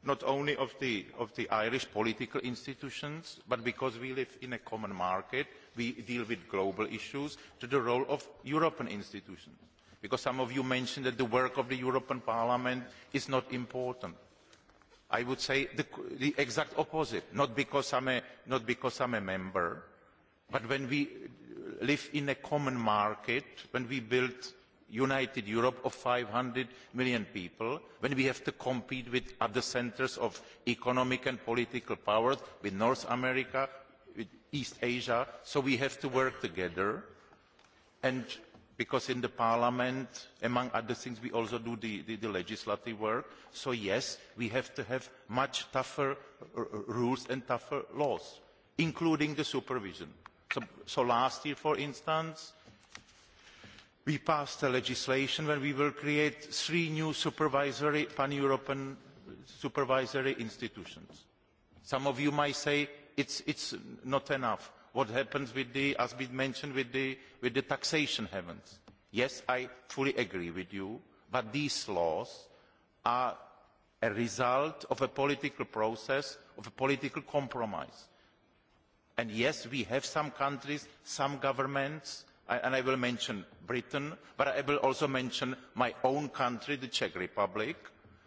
Speaker 2: not only of the, of the Irish political institutions, but because we live in a common market, we deal with global issues, to the role of European institutions. Because some of you mentioned that the work of the European Parliament is not important. I would say the, the exact opposite, not because, I'm a, not because I'm a member, but when we live in a common market, when we build united Europe of five hundred million people, when we have to compete with other centres of economic and political power, with North America, East Asia, so we have to work together. And because in the parliament, among other things, we also do the, the, the legislative work. So yes, we have to have much tougher rules and tougher laws, including the supervision. So, so last year, for instance, we passed a legislation where we will create three new supervisory, pan-European supervisory institutions. Some of you might say, it's, it's not enough. What happens with the, as we mentioned, with the, with the taxation havens? Yes, I fully agree with you, but these laws are a result of a political process, of a political compromise. And yes, we have some countries, some governments, and I will mention Britain, but I will also mention my own country, the Czech Republic,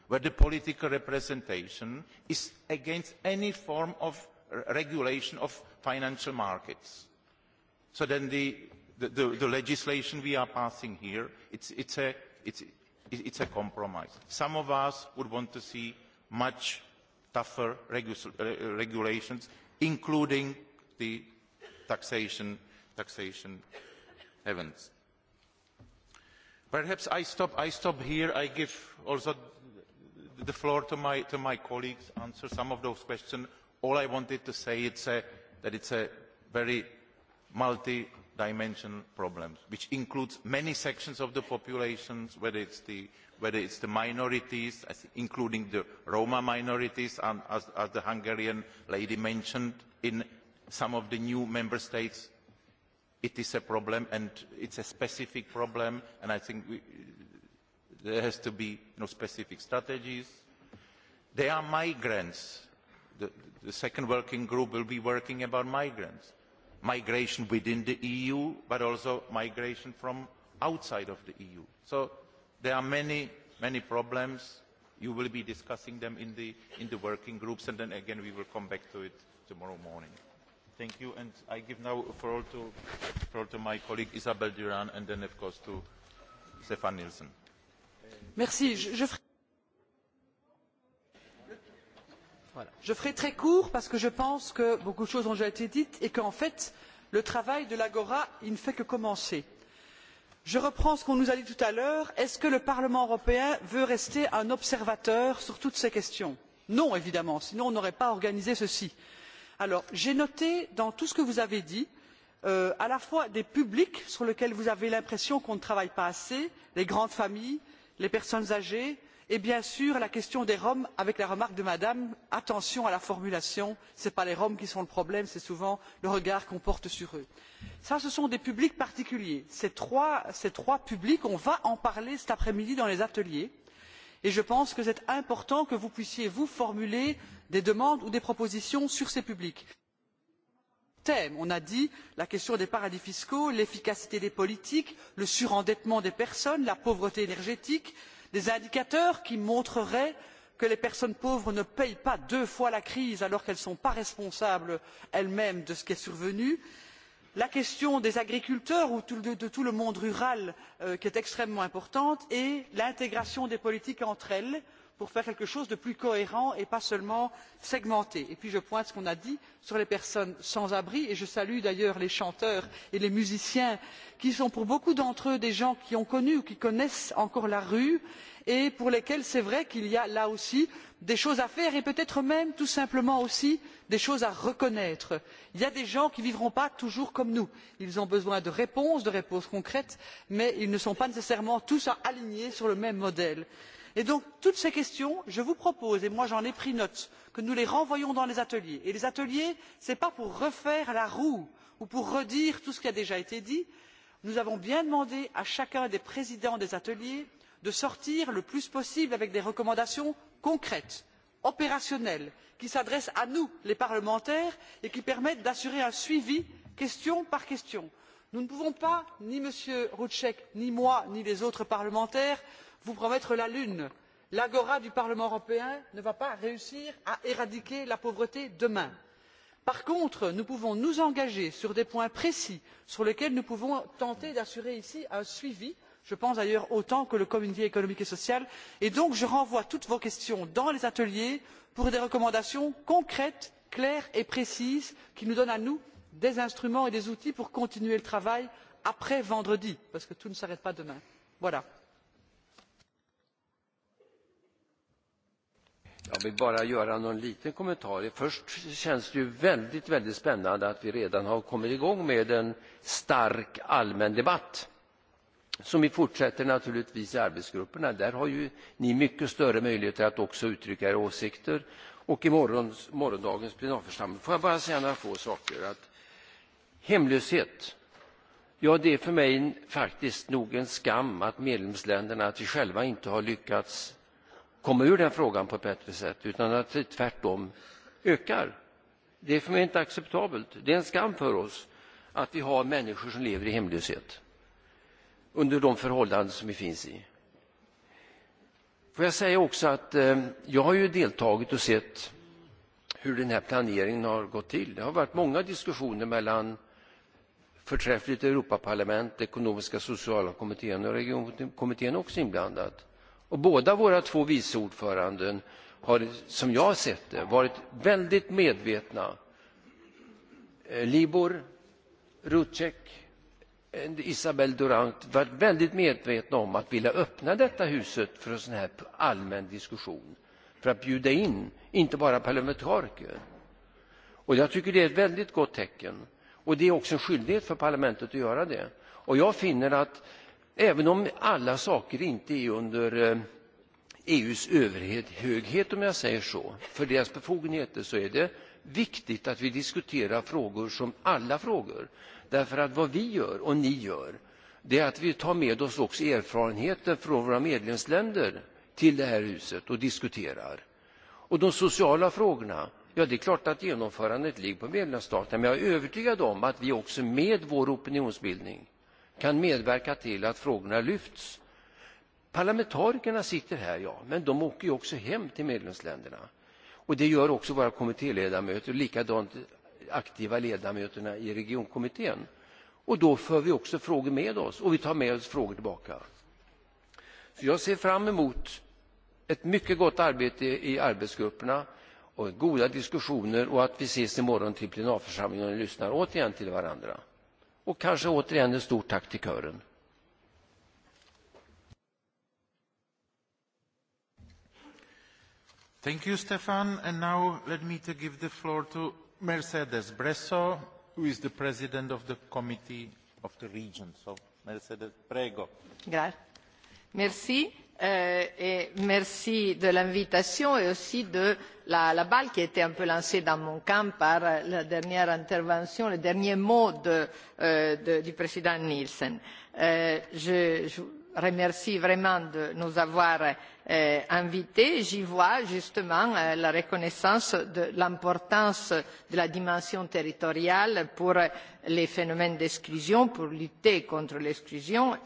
Speaker 2: where the political representation is against any form of regulation of financial markets. So then the, the, the, the legislation we are passing here, it's, it's, a, it's, it's a compromise. Some of us would want to see much tougher regu uh, regulations, including the taxation, taxation events. Perhaps I stop, I stop here. I give also the floor to my, to my colleagues answer some of those questions all I wanted to say is that it's a very multi-dimensional problem, which includes many sections of the population, whether it's the, whether it's the minorities, including the Roma minorities, and as, as the Hungarian lady mentioned, in some of the new member states, it is a problem, and it's a specific problem, and I think we, there has to be you know, specific strategies. There are migrants. The, the second working group will be working about migrants, migration within the EU, but also migration from outside of the EU. So there are many, many problems. You will be discussing them in the, in the working groups, and then again we will come back to it tomorrow morning. Thank you, and I give now for all to, for all to my colleague Isabel Duran, and then of course to Stefan Nielsen.
Speaker 19: Merci. Je, je... Voilà. Je ferai très court parce que je pense que beaucoup de choses ont déjà été dites et qu'en fait, le travail de l'Agora ne fait que commencer. Je reprends ce qu'on nous a dit tout à l'heure. Est-ce que le Parlement européen veut rester un observateur sur toutes ces questions Non, évidemment, sinon on n'aurait pas organisé ceci. Alors, j'ai noté dans tout ce que vous avez dit, euh, à la fois des publics sur lesquels vous avez l'impression qu'on ne travaille pas assez, les grandes familles, les personnes âgées, et bien sûr la question des roms avec la remarque de madame attention à la formulation ce ne sont pas les roms qui sont le problème c'est souvent le regard qu'on porte sur eux. ce sont des publics particuliers ces trois, publics on va en parler cet après midi dans les ateliers et je pense que c'est important que vous puissiez vous formuler des demandes ou des propositions sur ces publics thèmes. On a dit la question des paradis fiscaux, l'efficacité des politiques, le surendettement des personnes, la pauvreté énergétique, des indicateurs qui montreraient que les personnes pauvres ne paient pas deux fois la crise alors qu'elles ne sont pas responsables elles mêmes de ce qui est survenu la question des agriculteurs ou de tout le monde rural euh, qui est extrêmement importante et l'intégration des politiques entre elles pour faire quelque chose de plus cohérent et pas seulement segmenté. Et puis je pointe ce qu'on a dit sur les personnes sans abri et je salue d'ailleurs les chanteurs et les musiciens qui sont pour beaucoup d'entre eux des gens qui ont connu ou qui connaissent encore la rue et pour lesquels c'est vrai qu'il y a là aussi des choses à faire et peut être même tout simplement aussi des choses à reconnaître. il y a des gens qui ne vivront pas toujours comme nous ils ont besoin de réponses de réponses concrètes mais ils ne sont pas nécessairement tous alignés sur le même modèle. Et donc, toutes ces questions, je vous propose, et moi j'en ai pris note, que nous les renvoyions dans les ateliers. Et les ateliers, ce n'est pas pour refaire la roue ou pour redire tout ce qui a déjà été dit. Nous avons bien demandé à chacun des présidents des ateliers de sortir le plus possible avec des recommandations concrètes, opérationnelles, qui s'adressent à nous, les parlementaires, et qui permettent d'assurer un suivi question par question. Nous ne pouvons pas, ni M. Rouek, ni moi, ni les autres parlementaires, vous promettre la lune l'agora du parlement européen ne va pas réussir à éradiquer la pauvreté demain. par contre nous pouvons nous engager sur des points précis sur lesquels nous pouvons tenter d'assurer ici un suivi je pense d'ailleurs autant que le comité économique et social et donc je renvoie toutes vos questions dans les ateliers pour des recommandations concrètes claires et précises qui nous donnent à nous des instruments et des outils pour continuer le travail après vendredi parce que tout ne s'arrête pas demain. voilà.
Speaker 5: Jag vill bara göra någon liten kommentar. Först känns det ju väldigt, väldigt spännande att vi redan har kommit igång med en stark allmän debatt som vi fortsätter naturligtvis i arbetsgrupperna. Där har ju ni mycket större möjligheter att också uttrycka era åsikter och i morgons, morgondagens plenarförsamling. Får jag bara säga några få saker. Att hemlöshet, ja det är för mig faktiskt nog en skam att medlemsländerna att vi själva inte har lyckats komma ur den frågan på ett bättre sätt utan att det tvärtom ökar. Det är för mig inte acceptabelt. Det är en skam för oss att vi har människor som lever i hemlöshet under de förhållanden som vi finns i. Får jag säga också att eh, jag har ju deltagit och sett hur den här planeringen har gått till. Det har varit många diskussioner mellan förträffligt Europaparlament, ekonomiska och sociala kommittén och regionkommittén också inblandat. Och båda våra två vice ordföranden har, som jag har sett det, varit väldigt medvetna. Eh, Libor, Rutschek, eh, Isabel Durant varit väldigt medvetna om att vilja öppna detta huset för en sån här allmän diskussion. För att bjuda in, inte bara parlamentariker. Och jag tycker det är ett väldigt gott tecken. Och det är också en skyldighet för parlamentet att göra det. Och jag finner att Även om alla saker inte är under EUs eh, e överhet, höghet om jag säger så, för deras befogenheter så är det viktigt att vi diskuterar frågor som alla frågor. Därför att vad vi gör och ni gör, det är att vi tar med oss också erfarenheter från våra medlemsländer till det här huset och diskuterar. Och de sociala frågorna, ja det är klart att genomförandet ligger på medlemsstaterna, men jag är övertygad om att vi också med vår opinionsbildning kan medverka till att frågorna lyfts. Parlamentarikerna sitter här, ja, men de åker ju också hem till medlemsländerna. Och det gör också våra kommittéledamöter, likadant aktiva ledamöterna i regionkommittén. Och då för vi också frågor med oss och vi tar med oss frågor tillbaka. Så jag ser fram emot ett mycket gott arbete i arbetsgrupperna och goda diskussioner och att vi ses imorgon till plenarförsamlingen och lyssnar återigen till varandra. Och kanske återigen en stort tack till kören.
Speaker 2: Thank you, Stefan. And now let me to give the floor to Mercedes Bresso, who is the president of the Committee of the Region. So, Mercedes, prego.
Speaker 20: Grazie. Merci. Euh, et merci de l'invitation et aussi de la, la balle qui a été un peu lancée dans mon camp par la dernière intervention, le dernier mot de, euh, de, du président Nielsen. Euh, je, je remercie vraiment de nous avoir euh, invités. J'y vois justement euh, la reconnaissance de l'importance de la dimension territoriale pour les phénomènes d'exclusion, pour lutter contre l'exclusion. Euh,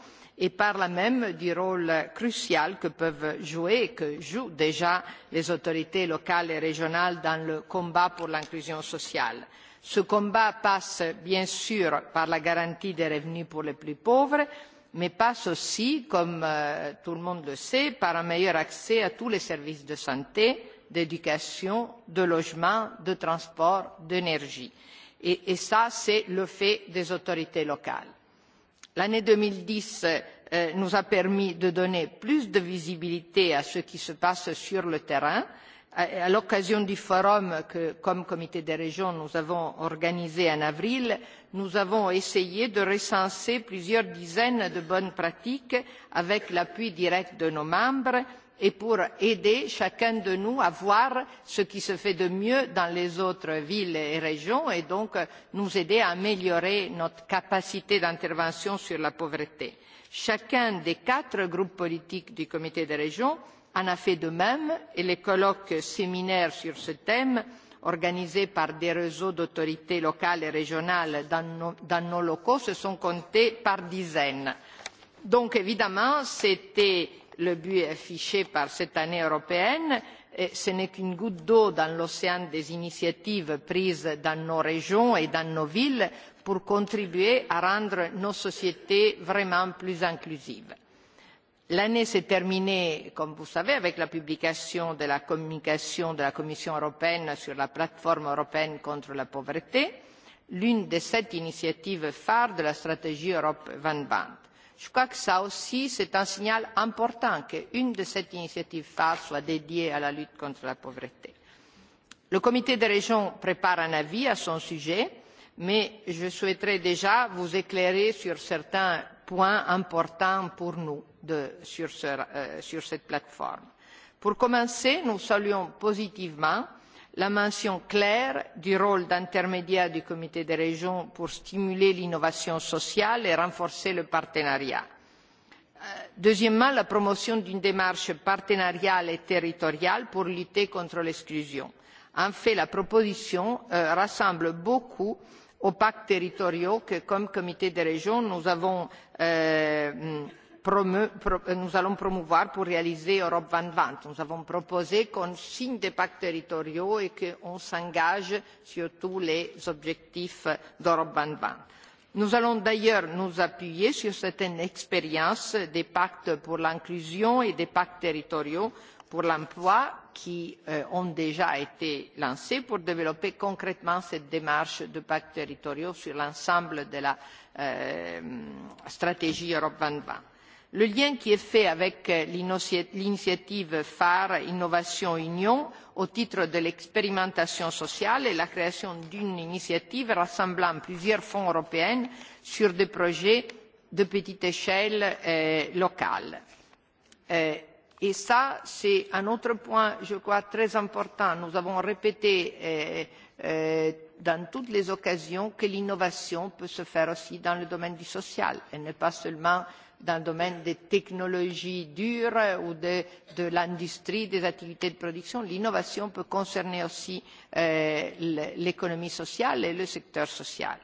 Speaker 20: et par là même du rôle crucial que peuvent jouer et que jouent déjà les autorités locales et régionales dans le combat pour l'inclusion sociale. Ce combat passe bien sûr par la garantie des revenus pour les plus pauvres, mais passe aussi, comme euh, tout le monde le sait, par un meilleur accès à tous les services de santé, d'éducation, de logement, de transport, d'énergie. Et, et ça, c'est le fait des autorités locales. L'année deux mille dix euh, nous a permis de donner plus de visibilité à ce qui se passe sur le terrain. À l'occasion du forum que, comme comité des régions, nous avons organisé en avril, nous avons essayé de recenser plusieurs dizaines de bonnes pratiques avec l'appui direct de nos membres et pour aider chacun de nous à voir ce qui se fait de mieux dans les autres villes et régions et donc nous aider à améliorer notre capacité d'intervention sur la pauvreté. Chacun des quatre groupes politiques du comité des régions en a fait de même et les colloques séminaires sur ce thème organisés par des réseaux d'autorités locales et régionales dans nos, dans nos locaux se sont comptés par dizaines. Donc évidemment, c'était le but affiché par cette année européenne, et ce n'est qu'une goutte d'eau dans l'océan des initiatives prises dans nos régions et dans nos villes pour contribuer à rendre nos sociétés vraiment plus inclusives. L'année s'est terminée, comme vous savez, avec la publication de la communication de la Commission européenne sur la plateforme européenne contre la pauvreté, l'une des sept initiatives phares de la stratégie Europe 2020. Je crois que ça aussi, c'est un signal important qu'une de cette initiative phare soit dédiée à la lutte contre la pauvreté. Le comité des régions prépare un avis à son sujet, mais je souhaiterais déjà vous éclairer sur certains points importants pour nous de, sur, ce, euh, sur cette plateforme. Pour commencer, nous saluons positivement la mention claire du rôle d'intermédiaire du comité des régions pour stimuler l'innovation sociale et renforcer le partenariat. Euh, deuxièmement, la promotion d'une démarche partenariale et territoriale pour lutter contre l'exclusion. En fait, la proposition euh, rassemble beaucoup aux pactes territoriaux que, comme comité des régions, nous avons euh, nous allons promouvoir pour réaliser Europe deux mille vingt. Nous avons proposé qu'on signe des pactes territoriaux et qu'on s'engage sur tous les objectifs d'Europe deux mille vingt. Nous allons d'ailleurs nous appuyer sur certaines expériences des pactes pour l'inclusion et des pactes territoriaux pour l'emploi qui euh, ont déjà été lancés pour développer concrètement cette démarche de pactes territoriaux sur l'ensemble de la euh, stratégie Europe deux mille vingt. Le lien qui est fait avec euh, l'initiative phare Innovation Union au titre de l'expérimentation sociale et la création d'une initiative rassemblant plusieurs fonds européens sur des projets de petite échelle euh, locale. Euh, et ça, c'est un autre point, je crois, très important. Nous avons répété euh, euh, dans toutes les occasions que l'innovation peut se faire aussi dans le domaine du social et ne pas seulement dans le domaine des technologies dures ou de, de l'industrie, des activités de production, l'innovation peut concerner aussi euh, l'économie sociale et le secteur social.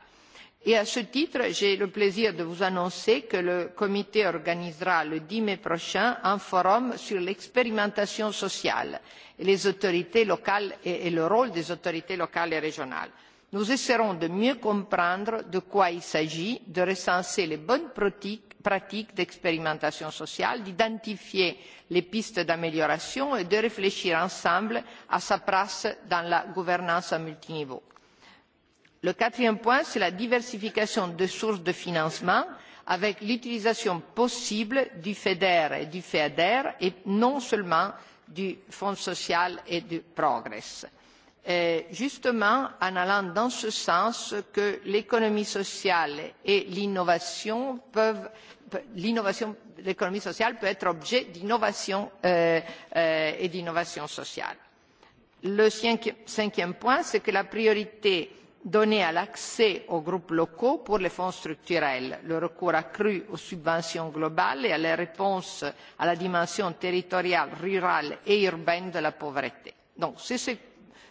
Speaker 20: Et à ce titre, j'ai le plaisir de vous annoncer que le comité organisera le 10 mai prochain un forum sur l'expérimentation sociale, et les autorités locales et, et le rôle des autorités locales et régionales. Nous essaierons de mieux comprendre de quoi il s'agit, de recenser les bonnes pratiques pratiques d'expérimentation sociale, d'identifier les pistes d'amélioration et de réfléchir ensemble à sa place dans la gouvernance à multiniveau. Le quatrième point, c'est la diversification des sources de financement avec l'utilisation possible du FEDER et du FEADER et non seulement du Fonds social et du Progress. Euh, justement en allant dans ce sens que l'économie sociale et l'innovation peuvent l'innovation l'économie sociale peut être objet d'innovation euh, euh, et d'innovation sociale. Le cinquième, cinquième point, c'est que la priorité donnée à l'accès aux groupes locaux pour les fonds structurels, le recours accru aux subventions globales et à la réponse à la dimension territoriale, rurale et urbaine de la pauvreté. Donc, c'est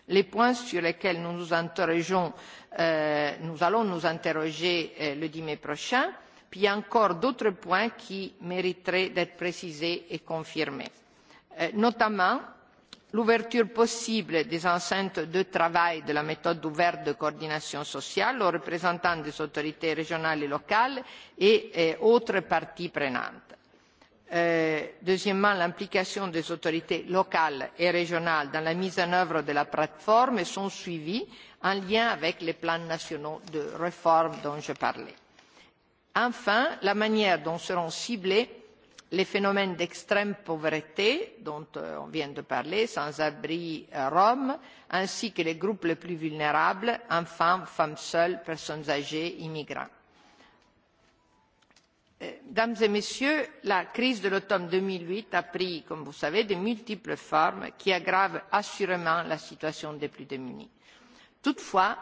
Speaker 20: Les points sur lesquels nous nous, interrogeons, euh, nous allons nous interroger euh, le 10 mai prochain, puis il y a encore d'autres points qui mériteraient d'être précisés et confirmés. Euh, notamment, l'ouverture possible des enceintes de travail de la méthode ouverte de coordination sociale aux représentants des autorités régionales et locales et, et autres parties prenantes Euh, deuxièmement, l'implication des autorités locales et régionales dans la mise en œuvre de la plateforme et son suivi en lien avec les plans nationaux de réforme dont je parlais. Enfin, la manière dont seront ciblés les phénomènes d'extrême pauvreté dont euh, on vient de parler, sans-abri, euh, Roms, ainsi que les groupes les plus vulnérables, enfants, femmes seules, personnes âgées, immigrants Euh, mesdames et Messieurs, la crise de l'automne deux mille huit a pris, comme vous le savez, de multiples formes qui aggravent assurément la situation des plus démunis. Toutefois,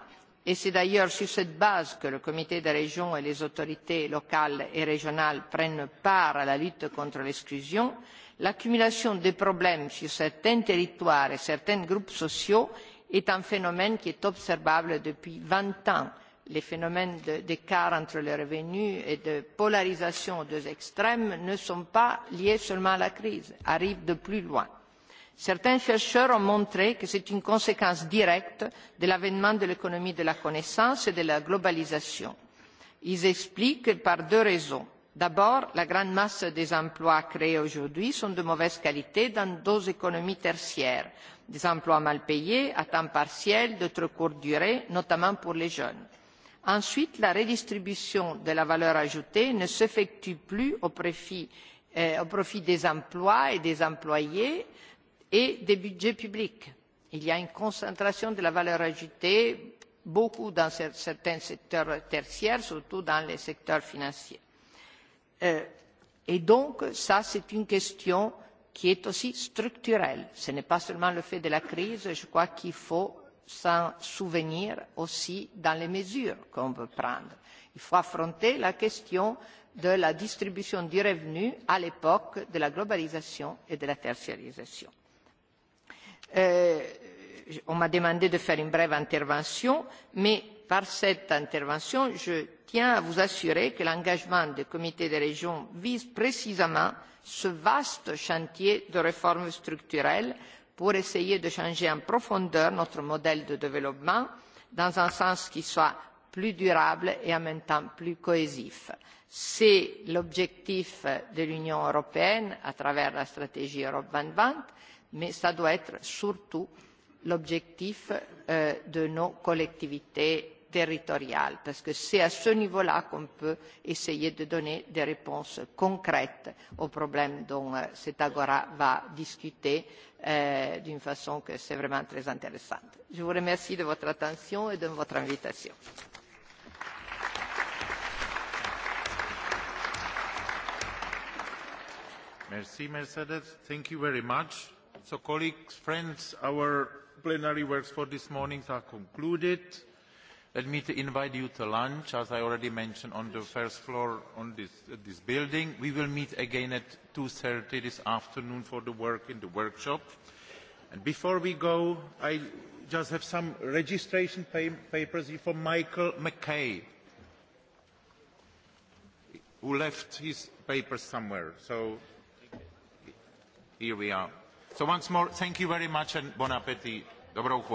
Speaker 20: et c'est d'ailleurs sur cette base que le comité des régions et les autorités locales et régionales prennent part à la lutte contre l'exclusion, l'accumulation des problèmes sur certains territoires et certains groupes sociaux est un phénomène qui est observable depuis vingt ans les phénomènes d'écart entre les revenus et de polarisation aux deux extrêmes ne sont pas liés seulement à la crise, arrivent de plus loin. Certains chercheurs ont montré que c'est une conséquence directe de l'avènement de l'économie de la connaissance et de la globalisation. Ils expliquent par deux raisons. D'abord, la grande masse des emplois créés aujourd'hui sont de mauvaise qualité dans nos économies tertiaires, des emplois mal payés, à temps partiel, de trop courte durée, notamment pour les jeunes. Ensuite, la redistribution de la valeur ajoutée ne s'effectue plus euh, au profit, des emplois et des employés et des budgets publics. Il y a une concentration de la valeur ajoutée beaucoup dans certains secteurs tertiaires, surtout dans les secteurs financiers. Euh, et donc, ça, c'est une question qui est aussi structurelle. Ce n'est pas seulement le fait de la crise, je crois qu'il faut sans souvenir aussi dans les mesures qu'on veut prendre. Il faut affronter la question de la distribution du revenu à l'époque de la globalisation et de la tertiarisation. Euh, on m'a demandé de faire une brève intervention, mais par cette intervention, je tiens à vous assurer que l'engagement du comité des régions vise précisément ce vaste chantier de réformes structurelles pour essayer de changer en profondeur notre modèle de développement dans un sens qui soit plus durable et en même temps plus cohésif. C'est l'objectif de l'Union européenne à travers la stratégie Europe deux mille vingt, mais cela doit être surtout l'objectif euh, de nos collectivités territoriale, parce que c'est à ce niveau-là qu'on peut essayer de donner des réponses concrètes aux problèmes dont euh, cet agora va discuter euh, d'une façon que c'est vraiment très intéressante. Je vous remercie de votre attention et de votre invitation.
Speaker 2: Merci Mercedes. Thank you very much. So colleagues, friends, our plenary works for this morning are concluded. Let me invite you to lunch, as I already mentioned, on the first floor on this, uh, this building. We will meet again at 2.30 this afternoon for the work in the workshop. And before we go, I just have some registration pa papers for Michael McKay, who left his papers somewhere. So here we are. So once more, thank you very much and bon appetit. Dobro